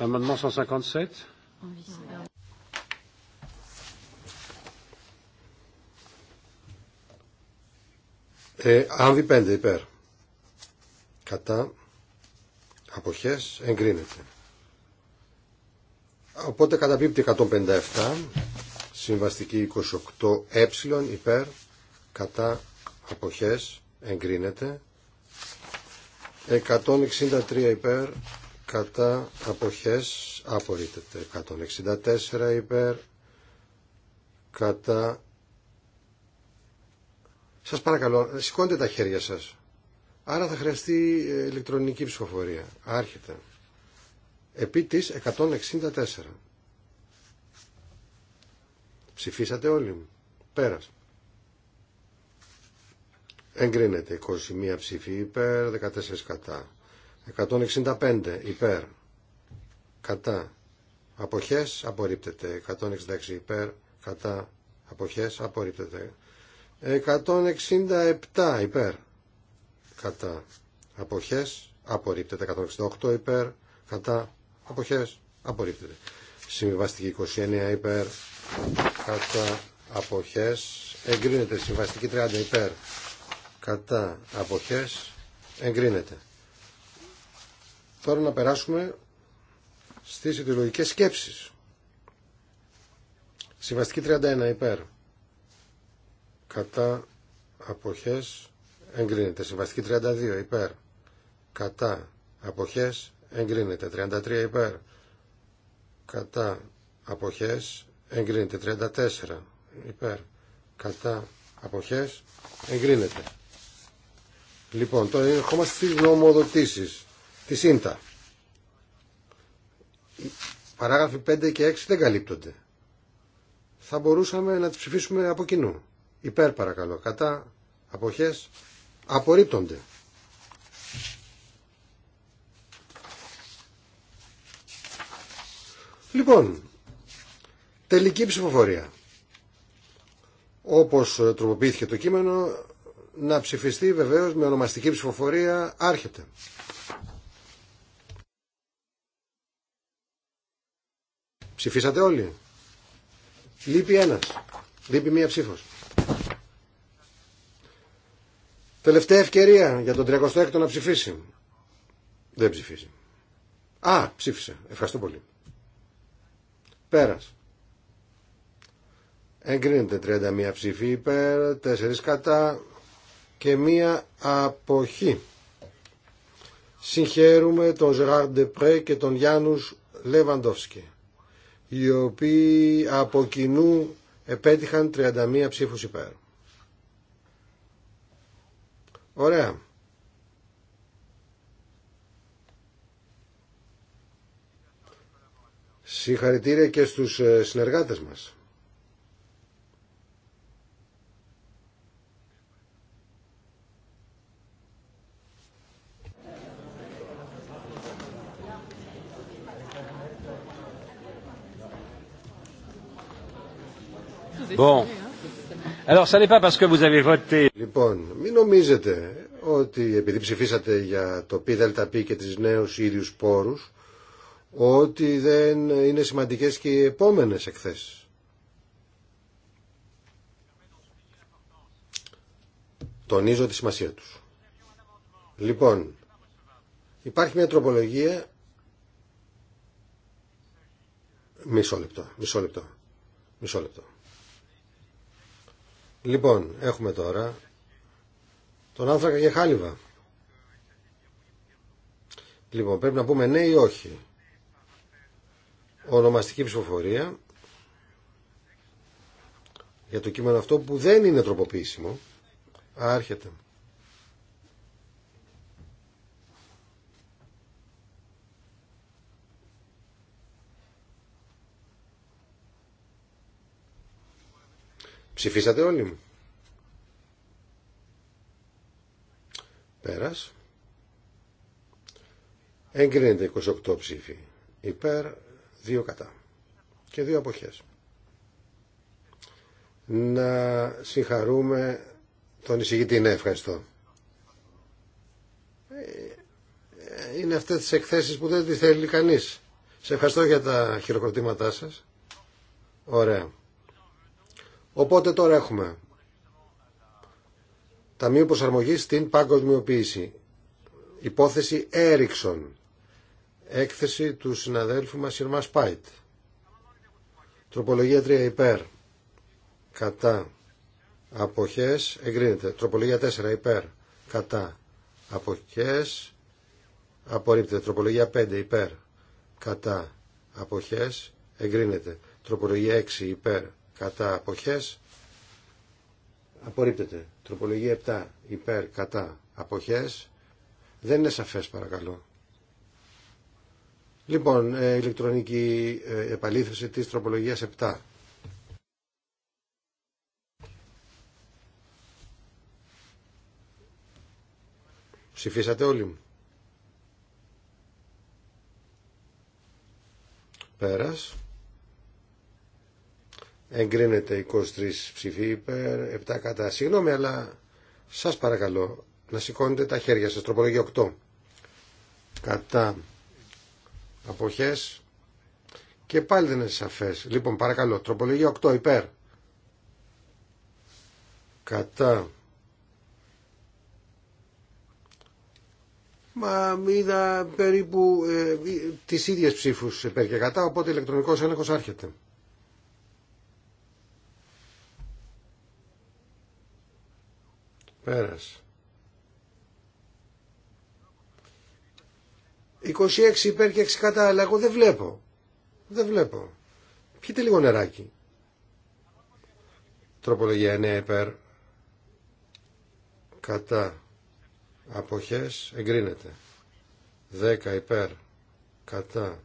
Amendement 157. Ε, Άμβη 5 υπέρ. Κατά αποχές εγκρίνεται. Οπότε καταπίπτει 157, συμβαστική 28 ε υπέρ, κατά αποχές εγκρίνεται 163 υπέρ κατά αποχές απορρίπτεται 164 υπέρ κατά σας παρακαλώ σηκώντε τα χέρια σας άρα θα χρειαστεί ε, ηλεκτρονική ψηφοφορία άρχεται επί της 164 ψηφίσατε όλοι πέρασε εγκρίνεται 21 ψήφοι υπέρ 14 κατά 165 υπέρ κατά αποχές απορρίπτεται 166 υπέρ κατά αποχές απορρίπτεται 167 υπέρ κατά αποχές απορρίπτεται 168 υπέρ κατά αποχές απορρίπτεται συμβιβαστική 29 υπέρ κατά αποχές εγκρίνεται συμβαστική 30 υπέρ κατά αποχές εγκρίνεται. Τώρα να περάσουμε στις ιδεολογικές σκέψεις. Συμβαστική 31 υπέρ κατά αποχές εγκρίνεται. Συμβαστική 32 υπέρ κατά αποχές εγκρίνεται. 33 υπέρ κατά αποχές εγκρίνεται. 34 υπέρ κατά αποχές εγκρίνεται. Λοιπόν, τώρα ερχόμαστε στις γνωμοδοτήσεις τη ίντα. Παράγραφοι 5 και 6 δεν καλύπτονται. Θα μπορούσαμε να τις ψηφίσουμε από κοινού. Υπέρ παρακαλώ. Κατά αποχές απορρίπτονται. Λοιπόν, τελική ψηφοφορία. Όπως τροποποιήθηκε το κείμενο, να ψηφιστεί βεβαίως με ονομαστική ψηφοφορία άρχεται. Ψηφίσατε όλοι. Λείπει ένας. Λείπει μία ψήφος. Τελευταία ευκαιρία για τον 36ο να ψηφίσει. Δεν ψηφίσει. Α, ψήφισε. Ευχαριστώ πολύ. Πέρας. Εγκρίνεται 31 ψήφοι υπέρ, 4 κατά, και μία αποχή. Συγχαίρουμε τον Ζεράρ Πρέ και τον Γιάννους Λεβαντόφσκι, οι οποίοι από κοινού επέτυχαν 31 ψήφους υπέρ. Ωραία. Συγχαρητήρια και στους ε, συνεργάτες μας. Λοιπόν, μην νομίζετε ότι επειδή ψηφίσατε για το ΠΔΠ και τις νέους ίδιους πόρους, ότι δεν είναι σημαντικές και οι επόμενες εκθέσεις. Τονίζω τη σημασία τους. Λοιπόν, υπάρχει μια τροπολογία... Μισό λεπτό, μισό λεπτό, μισό λεπτό. Λοιπόν, έχουμε τώρα τον άνθρακα και χάλιβα. Λοιπόν, πρέπει να πούμε ναι ή όχι. Ονομαστική ψηφοφορία για το κείμενο αυτό που δεν είναι τροποποιήσιμο. Άρχεται. Ψηφίσατε όλοι μου. Πέρας. Εγκρίνεται 28 ψήφοι. Υπέρ, 2 κατά. Και 2 αποχές. Να συγχαρούμε τον εισηγητή. Ναι, ευχαριστώ. Ε, είναι αυτές τις εκθέσεις που δεν τη θέλει κανείς. Σε ευχαριστώ για τα χειροκροτήματά σας. Ωραία. Οπότε τώρα έχουμε Ταμείο Προσαρμογή στην Παγκοσμιοποίηση. Υπόθεση Έριξον. Έκθεση του συναδέλφου μας Ιρμά Πάιτ Τροπολογία 3 υπέρ. Κατά. Αποχές. Εγκρίνεται. Τροπολογία 4 υπέρ. Κατά. Αποχές. Απορρίπτεται. Τροπολογία 5 υπέρ. Κατά. Αποχές. Εγκρίνεται. Τροπολογία 6 υπέρ κατά αποχές απορρίπτεται. Τροπολογία 7 υπέρ κατά αποχές δεν είναι σαφές παρακαλώ. Λοιπόν, ε, ηλεκτρονική ε, επαλήθευση της τροπολογίας 7. Ψηφίσατε όλοι μου. Πέρας. Εγκρίνεται 23 ψηφοί υπέρ, 7 κατά. Συγγνώμη, αλλά σας παρακαλώ να σηκώνετε τα χέρια σας. Τροπολογία 8. Κατά αποχές και πάλι δεν είναι σαφές. Λοιπόν, παρακαλώ, τροπολογία 8 υπέρ. Κατά. Μα είδα περίπου ε, τις ίδιες ψήφους υπέρ και κατά, οπότε ηλεκτρονικός έλεγχος άρχεται. Πέρας. 26 υπέρ και 6 κατά, αλλά εγώ δεν βλέπω. Δεν βλέπω. Πιείτε λίγο νεράκι. Τροπολογία 9 υπέρ. Κατά. Αποχές εγκρίνεται. 10 υπέρ. Κατά.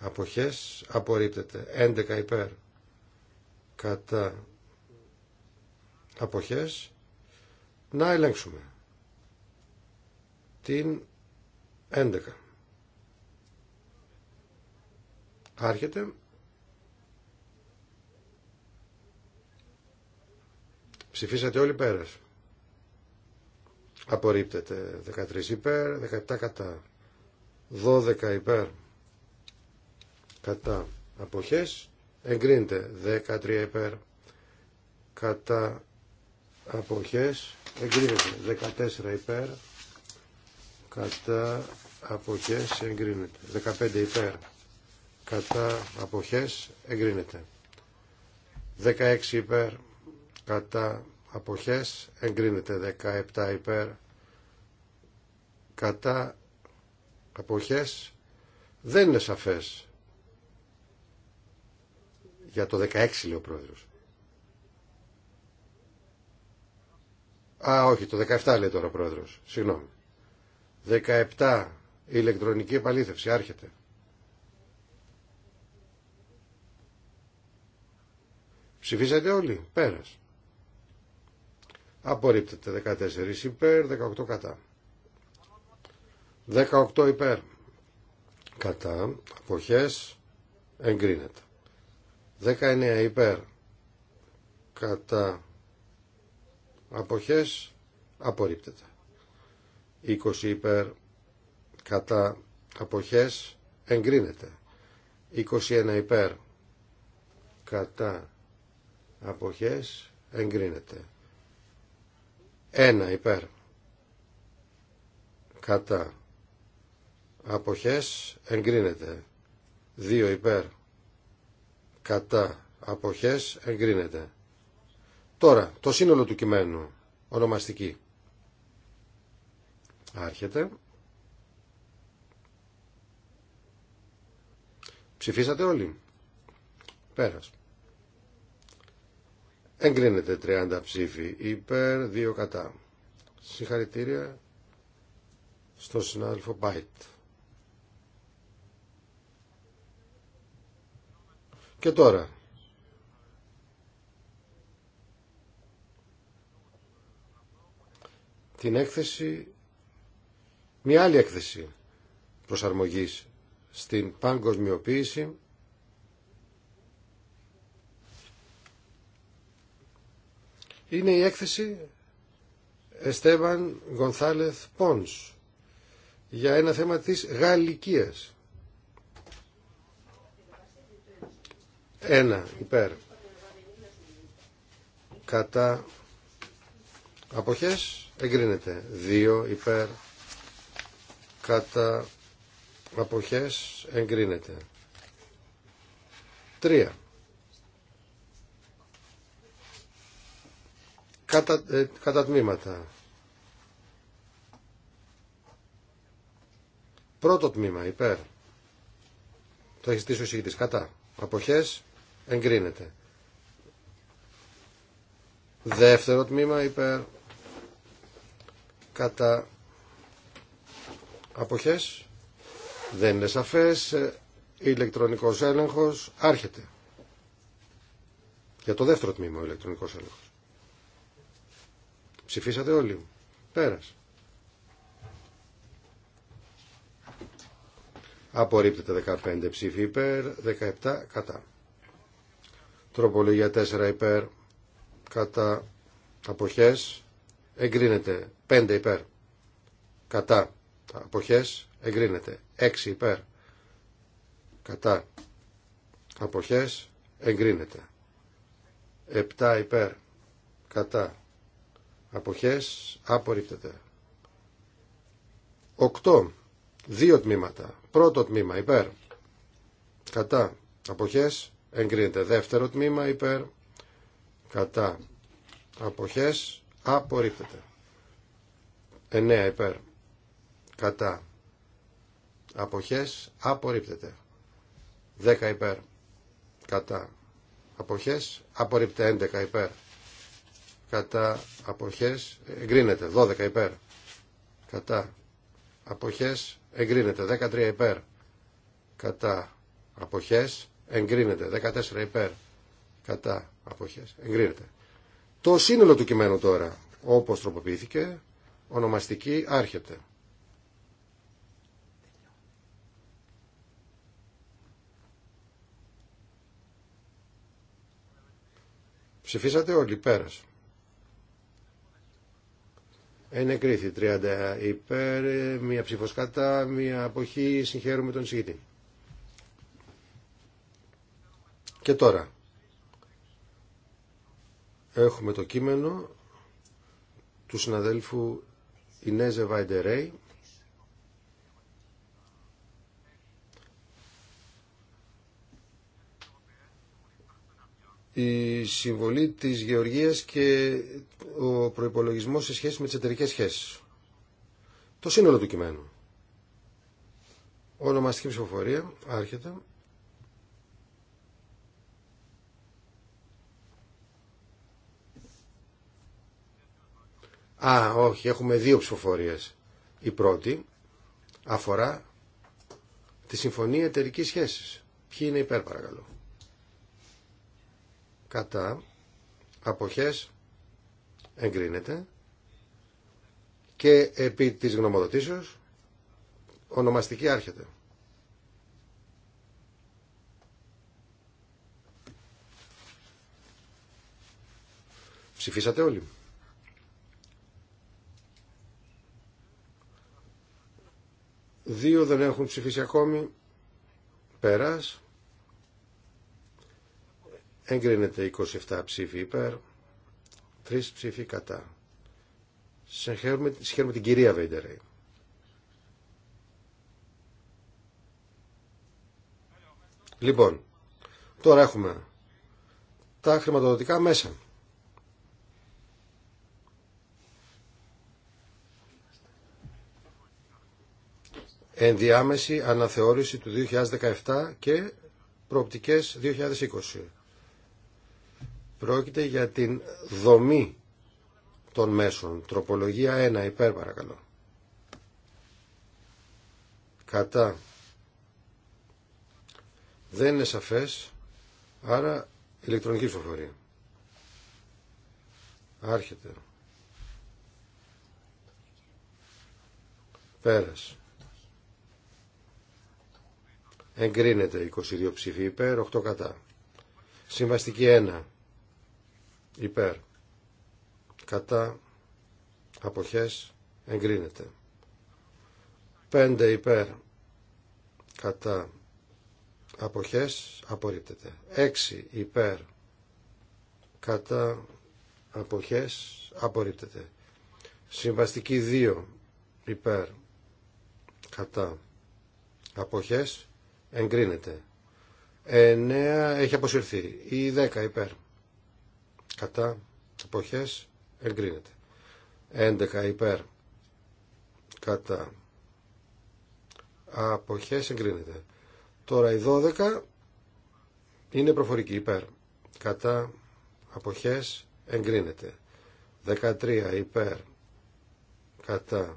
Αποχές απορρίπτεται. 11 υπέρ. Κατά. Αποχές να ελέγξουμε. Την 11. Άρχεται. Ψηφίσατε όλοι πέρα. Απορρίπτεται 13 υπέρ, 17 κατά, 12 υπέρ, κατά αποχές, εγκρίνεται 13 υπέρ, κατά αποχές εγκρίνεται 14 υπέρ κατά αποχές εγκρίνεται 15 υπέρ κατά αποχές εγκρίνεται 16 υπέρ κατά αποχές εγκρίνεται 17 υπέρ κατά αποχές δεν είναι σαφές για το 16 λέει ο πρόεδρος Α, όχι, το 17 λέει τώρα ο πρόεδρος. Συγγνώμη. 17. Η ηλεκτρονική επαλήθευση. Άρχεται. Ψηφίσατε όλοι. Πέρας. Απορρίπτεται 14 υπέρ, 18 κατά. 18 υπέρ. Κατά. Αποχές. Εγκρίνεται. 19 υπέρ. Κατά αποχές απορρίπτεται 20 υπέρ κατά αποχές εγκρίνεται 21 υπέρ κατά αποχές εγκρίνεται 1 υπέρ κατά αποχές εγκρίνεται 2 υπέρ κατά αποχές εγκρίνεται Τώρα, το σύνολο του κειμένου, ονομαστική. Άρχεται. Ψηφίσατε όλοι. Πέρας. Εγκρίνεται 30 ψήφοι υπέρ, 2 κατά. Συγχαρητήρια στο συνάδελφο Μπάιτ. Και τώρα, την έκθεση, μια άλλη έκθεση προσαρμογής στην παγκοσμιοποίηση είναι η έκθεση Εστέβαν Γκονθάλεθ Πόνς για ένα θέμα της Γαλλικίας. Ένα υπέρ κατά αποχές εγκρίνεται δύο υπέρ κατά αποχές εγκρίνεται Τρία. κατά, ε, κατά τμήματα πρώτο τμήμα υπέρ το έχει στήσει ο συγκεκριτής. κατά αποχές εγκρίνεται δεύτερο τμήμα υπέρ κατά αποχές δεν είναι σαφές ε, ηλεκτρονικός έλεγχος άρχεται για το δεύτερο τμήμα ο ηλεκτρονικός έλεγχος ψηφίσατε όλοι πέρας απορρίπτεται 15 ψηφί υπέρ 17 κατά τροπολογία 4 υπέρ κατά αποχές εγκρίνεται 5 υπέρ κατά αποχές εγκρίνεται 6 υπέρ κατά αποχές εγκρίνεται 7 υπέρ κατά αποχές απορρίπτεται 8 δύο τμήματα πρώτο τμήμα υπέρ κατά αποχές εγκρίνεται δεύτερο τμήμα υπέρ κατά αποχές Απορρίπτεται. 9 υπέρ. Κατά. Αποχές. Απορρίπτεται. 10 υπέρ. Κατά. Αποχές. Απορρίπτεται 11 υπέρ. Κατά. Αποχές. Εγκρίνεται. 12 υπέρ. Κατά. Αποχές. Εγκρίνεται. 13 υπέρ. Κατά. Αποχές. Εγκρίνεται. 14 υπέρ. Κατά. Αποχές. Εγκρίνεται. Το σύνολο του κειμένου τώρα, όπως τροποποιήθηκε, ονομαστική άρχεται. Ψηφίσατε όλοι, πέρας. Ενεκρίθη 30 υπέρ, μία ψήφος κατά, μία αποχή, συγχαίρουμε τον εισηγητή. Και τώρα, έχουμε το κείμενο του συναδέλφου Ινέζε Βάιντερέι η συμβολή της γεωργίας και ο προϋπολογισμός σε σχέση με τις εταιρικέ σχέσεις. Το σύνολο του κειμένου. Ονομαστική ψηφοφορία άρχεται. Α, όχι, έχουμε δύο ψηφοφορίες. Η πρώτη αφορά τη Συμφωνία Εταιρικής Σχέσης. Ποιοι είναι υπέρ παρακαλώ. Κατά αποχές εγκρίνεται και επί της γνωμοδοτήσεως ονομαστική άρχεται. Ψηφίσατε όλοι. Δύο δεν έχουν ψηφίσει ακόμη. Πέρας. Εγκρίνεται 27 ψήφοι υπέρ. Τρεις ψήφοι κατά. Συγχαίρουμε, την κυρία Βέιντερεϊ. Λοιπόν, τώρα έχουμε τα χρηματοδοτικά μέσα. ενδιάμεση αναθεώρηση του 2017 και προοπτικές 2020. Πρόκειται για την δομή των μέσων. Τροπολογία 1 υπέρ παρακαλώ. Κατά. Δεν είναι σαφές, άρα ηλεκτρονική ψηφοφορία. Άρχεται. Πέρασε. Εγκρίνεται 22 ψήφοι υπέρ, 8 κατά. Συμβαστική 1 υπέρ. Κατά αποχές εγκρίνεται. 5 υπέρ κατά αποχές απορρίπτεται. 6 υπέρ κατά αποχές απορρίπτεται. Συμβαστική 2 υπέρ κατά αποχές εγκρίνεται. 9 έχει αποσυρθεί. Η 10 υπέρ. Κατά εποχές εγκρίνεται. 11 υπέρ. Κατά αποχές εγκρίνεται. Τώρα η 12 είναι προφορική υπέρ. Κατά αποχές εγκρίνεται. 13 υπέρ. Κατά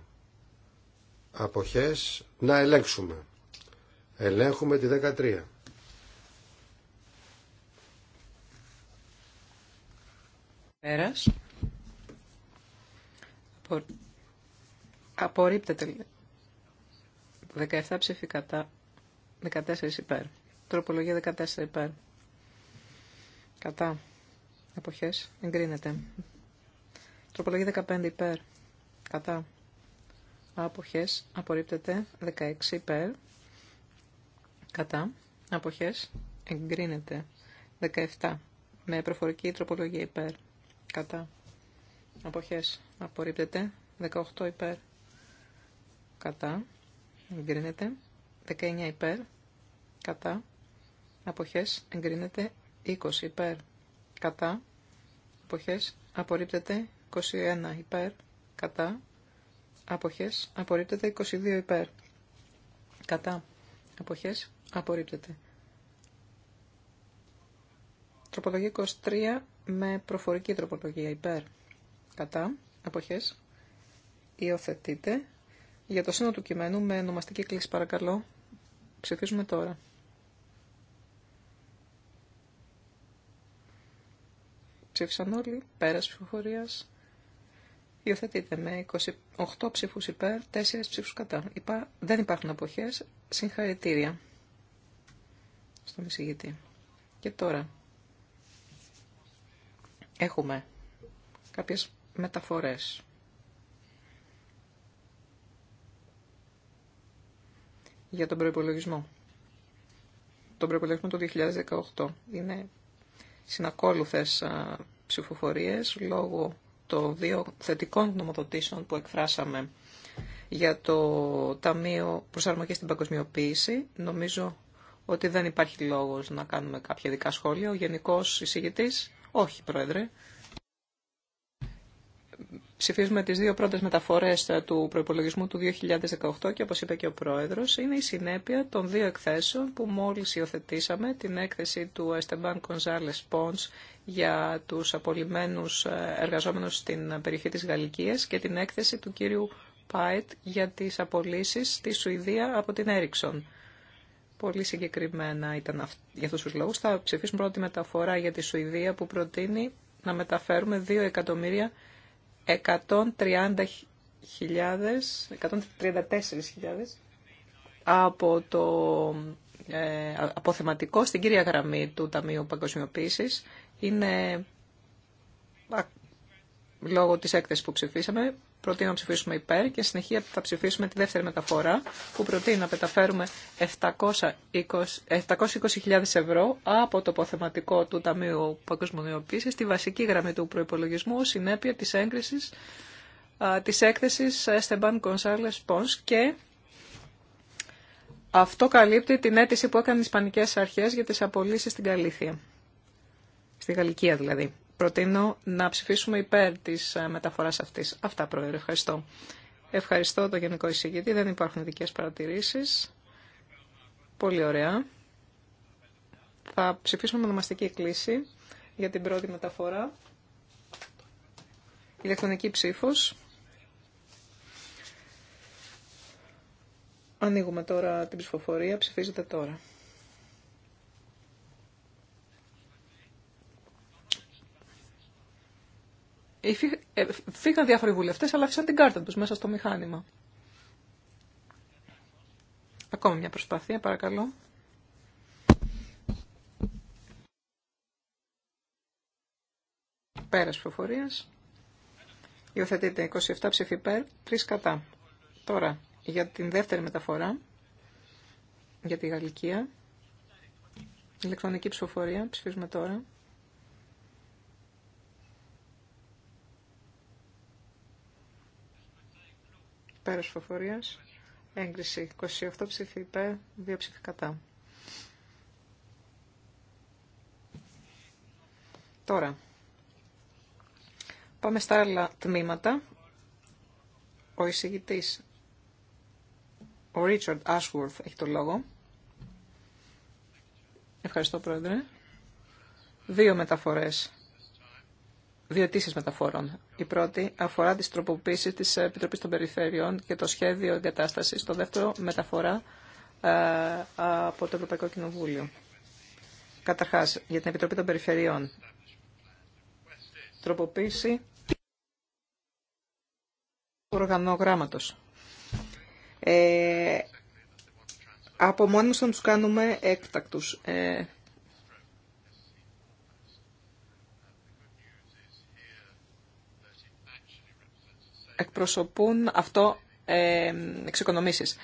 αποχές να ελέγξουμε. Ελέγχουμε τη 13. Πέρας. Απο... Απορρίπτεται. 17 ψήφι κατά. 14 υπέρ. Τροπολογία 14 υπέρ. Κατά. Εποχές. Εγκρίνεται. Τροπολογία 15 υπέρ. Κατά. Αποχές. Απορρίπτεται. 16 υπέρ κατά αποχές εγκρίνεται 17 με προφορική τροπολογία υπέρ κατά αποχές απορρίπτεται 18 υπέρ κατά εγκρίνεται 19 υπέρ κατά αποχές εγκρίνεται 20 υπέρ κατά αποχές απορρίπτεται 21 υπέρ κατά αποχές απορρίπτεται 22 υπέρ κατά αποχές Απορρίπτεται. Τροπολογία 23 με προφορική τροπολογία υπέρ. Κατά. Αποχές. Υιοθετείται. Για το σύνολο του κειμένου με νομαστική κλίση παρακαλώ. Ψηφίζουμε τώρα. Ψήφισαν όλοι. Πέρας ψηφοφορίας. Υιοθετείται με 28 ψήφους υπέρ, 4 ψήφους κατά. Υπά... Δεν υπάρχουν αποχές. Συγχαρητήρια στον εισηγητή. Και τώρα έχουμε κάποιες μεταφορές. για τον προϋπολογισμό. Τον προϋπολογισμό του 2018. Είναι συνακόλουθες ψηφοφορίες λόγω των δύο θετικών νομοδοτήσεων που εκφράσαμε για το Ταμείο Προσαρμογής στην Παγκοσμιοποίηση. Νομίζω ότι δεν υπάρχει λόγος να κάνουμε κάποια δικά σχόλια. Ο Γενικός Εισηγητής, όχι Πρόεδρε. Ψηφίζουμε τις δύο πρώτες μεταφορές του προϋπολογισμού του 2018 και όπως είπε και ο Πρόεδρος, είναι η συνέπεια των δύο εκθέσεων που μόλις υιοθετήσαμε, την έκθεση του Esteban González Pons για τους απολυμμένους εργαζόμενους στην περιοχή της Γαλλικίας και την έκθεση του κύριου Πάιτ για τις απολύσεις στη Σουηδία από την Έριξον. Πολύ συγκεκριμένα ήταν για αυτού τους λόγους. Θα ψηφίσουμε πρώτη μεταφορά για τη Σουηδία που προτείνει να μεταφέρουμε 2 εκατομμύρια 130.000 134.000 από το ε, αποθεματικό στην κύρια γραμμή του Ταμείου Παγκοσμιοποίησης είναι λόγω της έκθεσης που ψηφίσαμε προτείνω να ψηφίσουμε υπέρ και συνεχεία θα ψηφίσουμε τη δεύτερη μεταφορά που προτείνει να μεταφέρουμε 720.000 ευρώ από το αποθεματικό του Ταμείου Παγκοσμιοποίηση στη βασική γραμμή του προπολογισμού συνέπεια της έγκρισης της έκθεσης Esteban González Pons και αυτό καλύπτει την αίτηση που έκανε οι Ισπανικές Αρχές για τις απολύσεις στην Καλήθεια. Στη Γαλλικία δηλαδή προτείνω να ψηφίσουμε υπέρ τη ε, μεταφορά αυτή. Αυτά, Πρόεδρε. Ευχαριστώ. Ευχαριστώ το Γενικό Εισηγητή. Δεν υπάρχουν δικέ παρατηρήσεις. Πολύ ωραία. Θα ψηφίσουμε με ονομαστική κλίση για την πρώτη μεταφορά. Ηλεκτρονική ψήφος. Ανοίγουμε τώρα την ψηφοφορία. Ψηφίζεται τώρα. Ε, φύγαν διάφοροι βουλευτές, αλλά άφησαν την κάρτα τους μέσα στο μηχάνημα. Ακόμα μια προσπάθεια, παρακαλώ. Πέρας προφορίας. Υιοθετείτε 27 ψήφι υπέρ, 3 κατά. Τώρα, για την δεύτερη μεταφορά, για τη Γαλλικία, ηλεκτρονική ψηφοφορία, ψηφίζουμε τώρα. Πέρας φοφορίας. Έγκριση. 28 ψήφι υπέρ, 2 ψήφι κατά. Τώρα, πάμε στα άλλα τμήματα. Ο εισηγητής, ο Ρίτσαρντ Ashworth έχει το λόγο. Ευχαριστώ, Πρόεδρε. Δύο μεταφορές, δύο αιτήσεις μεταφορών η πρώτη αφορά τις τροποποίηση της Επιτροπής των Περιφερειών και το σχέδιο εγκατάστασης. Το δεύτερο μεταφορά ε, από το Ευρωπαϊκό Κοινοβούλιο. Καταρχάς, για την Επιτροπή των Περιφερειών. Τροποποίηση οργανογράμματος. Ε, από μόνοι μας τους κάνουμε έκτακτους. Ε, εκπροσωπούν αυτό ε, εξοικονομήσεις.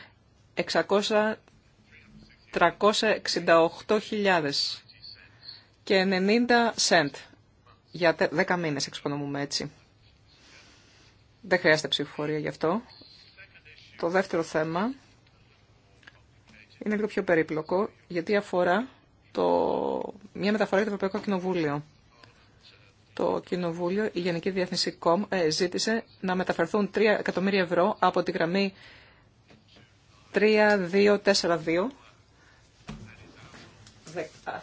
368.000 και 90 cent για 10 μήνες εξοικονομούμε έτσι. Δεν χρειάζεται ψηφοφορία γι' αυτό. Το δεύτερο θέμα είναι λίγο πιο περίπλοκο γιατί αφορά το... μια μεταφορά για το Ευρωπαϊκό Κοινοβούλιο το Κοινοβούλιο, η Γενική Διεθνή ΚΟΜ ε, ζήτησε να μεταφερθούν 3 εκατομμύρια ευρώ από τη γραμμή 3242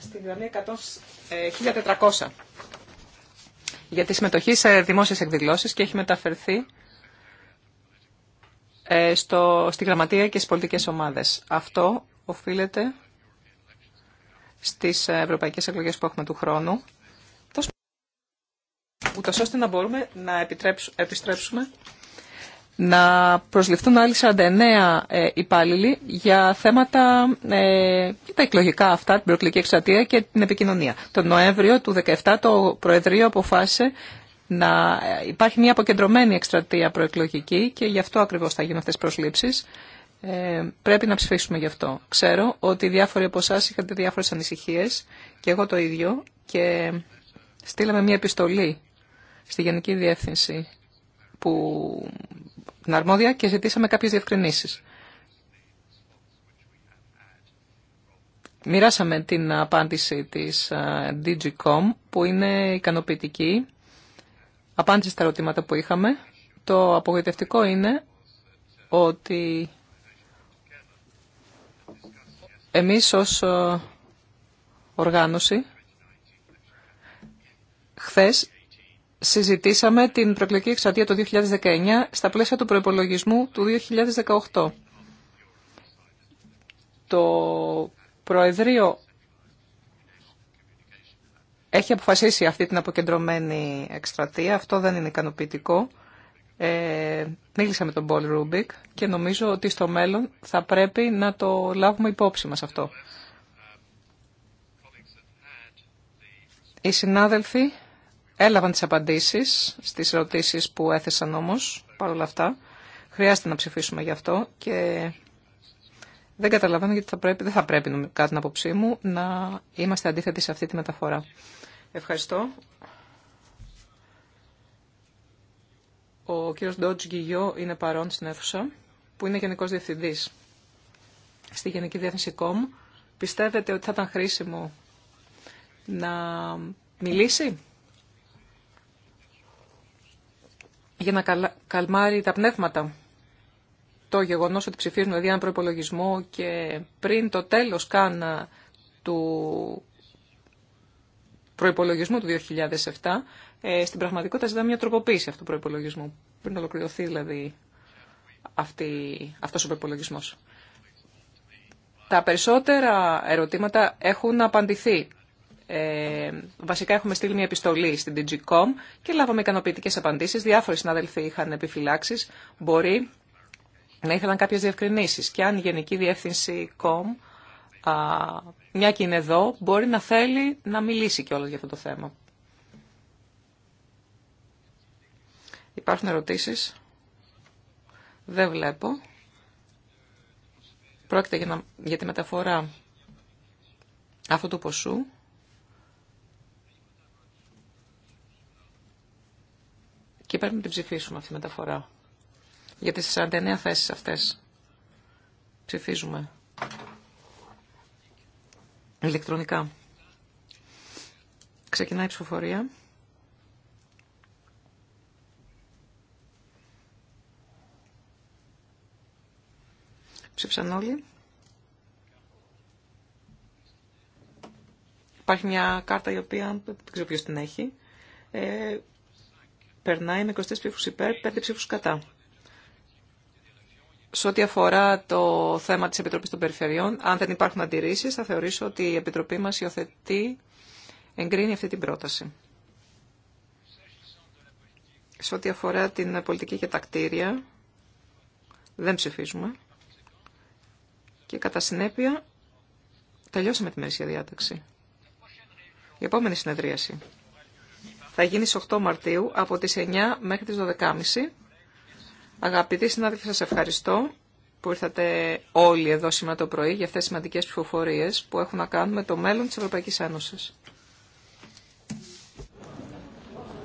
στη γραμμή 1400 ε, για τη συμμετοχή σε δημόσιες εκδηλώσεις και έχει μεταφερθεί ε, στο, στη γραμματεία και στις πολιτικές ομάδες. Αυτό οφείλεται στις ευρωπαϊκές εκλογές που έχουμε του χρόνου ούτω ώστε να μπορούμε να επιστρέψουμε να προσληφθούν άλλοι 49 ε, υπάλληλοι για θέματα ε, και τα εκλογικά αυτά, την προεκλογική εξατία και την επικοινωνία. Το Νοέμβριο του 2017 το Προεδρείο αποφάσισε να ε, υπάρχει μια αποκεντρωμένη εκστρατεία προεκλογική και γι' αυτό ακριβώς θα γίνουν αυτές τις προσλήψεις. Ε, πρέπει να ψηφίσουμε γι' αυτό. Ξέρω ότι διάφοροι από εσά είχατε διάφορες ανησυχίες και εγώ το ίδιο και στείλαμε μια επιστολή στη Γενική Διεύθυνση που, την αρμόδια και ζητήσαμε κάποιες διευκρινήσεις. Μοιράσαμε την απάντηση της ε, Digicom που είναι ικανοποιητική. Απάντηση στα ερωτήματα που είχαμε. Το απογοητευτικό είναι ότι εμείς ως ε, οργάνωση χθες συζητήσαμε την προεκλογική εξαρτία το 2019 στα πλαίσια του προϋπολογισμού του 2018. Το Προεδρείο έχει αποφασίσει αυτή την αποκεντρωμένη εκστρατεία. Αυτό δεν είναι ικανοποιητικό. Ε, μίλησα με τον Πολ Ρούμπικ και νομίζω ότι στο μέλλον θα πρέπει να το λάβουμε υπόψη μας αυτό. Οι συνάδελφοι Έλαβαν τις απαντήσεις στις ερωτήσεις που έθεσαν όμως, παρόλα αυτά. Χρειάζεται να ψηφίσουμε γι' αυτό και δεν καταλαβαίνω γιατί θα πρέπει, δεν θα πρέπει κάτι την απόψή μου να είμαστε αντίθετοι σε αυτή τη μεταφορά. Ευχαριστώ. Ο κύριος Ντότζ Γκυγιό είναι παρόν στην αίθουσα, που είναι Γενικός Διευθυντής στη Γενική Διεύθυνση ΚΟΜ. Πιστεύετε ότι θα ήταν χρήσιμο να μιλήσει για να καλμάρει τα πνεύματα. Το γεγονός ότι ψηφίζουν δηλαδή έναν προπολογισμό και πριν το τέλος καν του προϋπολογισμού του 2007, ε, στην πραγματικότητα ζητάμε μια τροποποίηση αυτού του προϋπολογισμού, πριν ολοκληρωθεί δηλαδή αυτή, αυτός ο προϋπολογισμός. Τα περισσότερα ερωτήματα έχουν απαντηθεί ε, βασικά έχουμε στείλει μια επιστολή στην Digicom και λάβαμε ικανοποιητικέ απαντήσεις. Διάφοροι συνάδελφοι είχαν επιφυλάξεις. Μπορεί να ήθελαν κάποιες διευκρινήσεις. Και αν η Γενική Διεύθυνση COM, α, μια και είναι εδώ, μπορεί να θέλει να μιλήσει κιόλας για αυτό το θέμα. Υπάρχουν ερωτήσεις. Δεν βλέπω. Πρόκειται για, για τη μεταφορά αυτού του ποσού. και πρέπει να την ψηφίσουμε αυτή τη μεταφορά. Για τις 49 θέσεις αυτές ψηφίζουμε ηλεκτρονικά. Ξεκινάει η ψηφοφορία. Ψήφισαν όλοι. Υπάρχει μια κάρτα η οποία δεν ξέρω ποιος την έχει. Ε, περνάει με 23 ψήφους υπέρ, 5 ψήφου κατά. Σε ό,τι αφορά το θέμα της Επιτροπής των Περιφερειών, αν δεν υπάρχουν αντιρρήσεις, θα θεωρήσω ότι η Επιτροπή μας υιοθετεί, εγκρίνει αυτή την πρόταση. Σε ό,τι αφορά την πολιτική και τα κτίρια, δεν ψηφίζουμε. Και κατά συνέπεια, τελειώσαμε τη για διάταξη. Η επόμενη συνεδρίαση θα γίνει στις 8 Μαρτίου από τις 9 μέχρι τις 12.30. Αγαπητοί συνάδελφοι, σας ευχαριστώ που ήρθατε όλοι εδώ σήμερα το πρωί για αυτές τις σημαντικές ψηφοφορίες που έχουν να κάνουν με το μέλλον της Ευρωπαϊκής Ένωσης.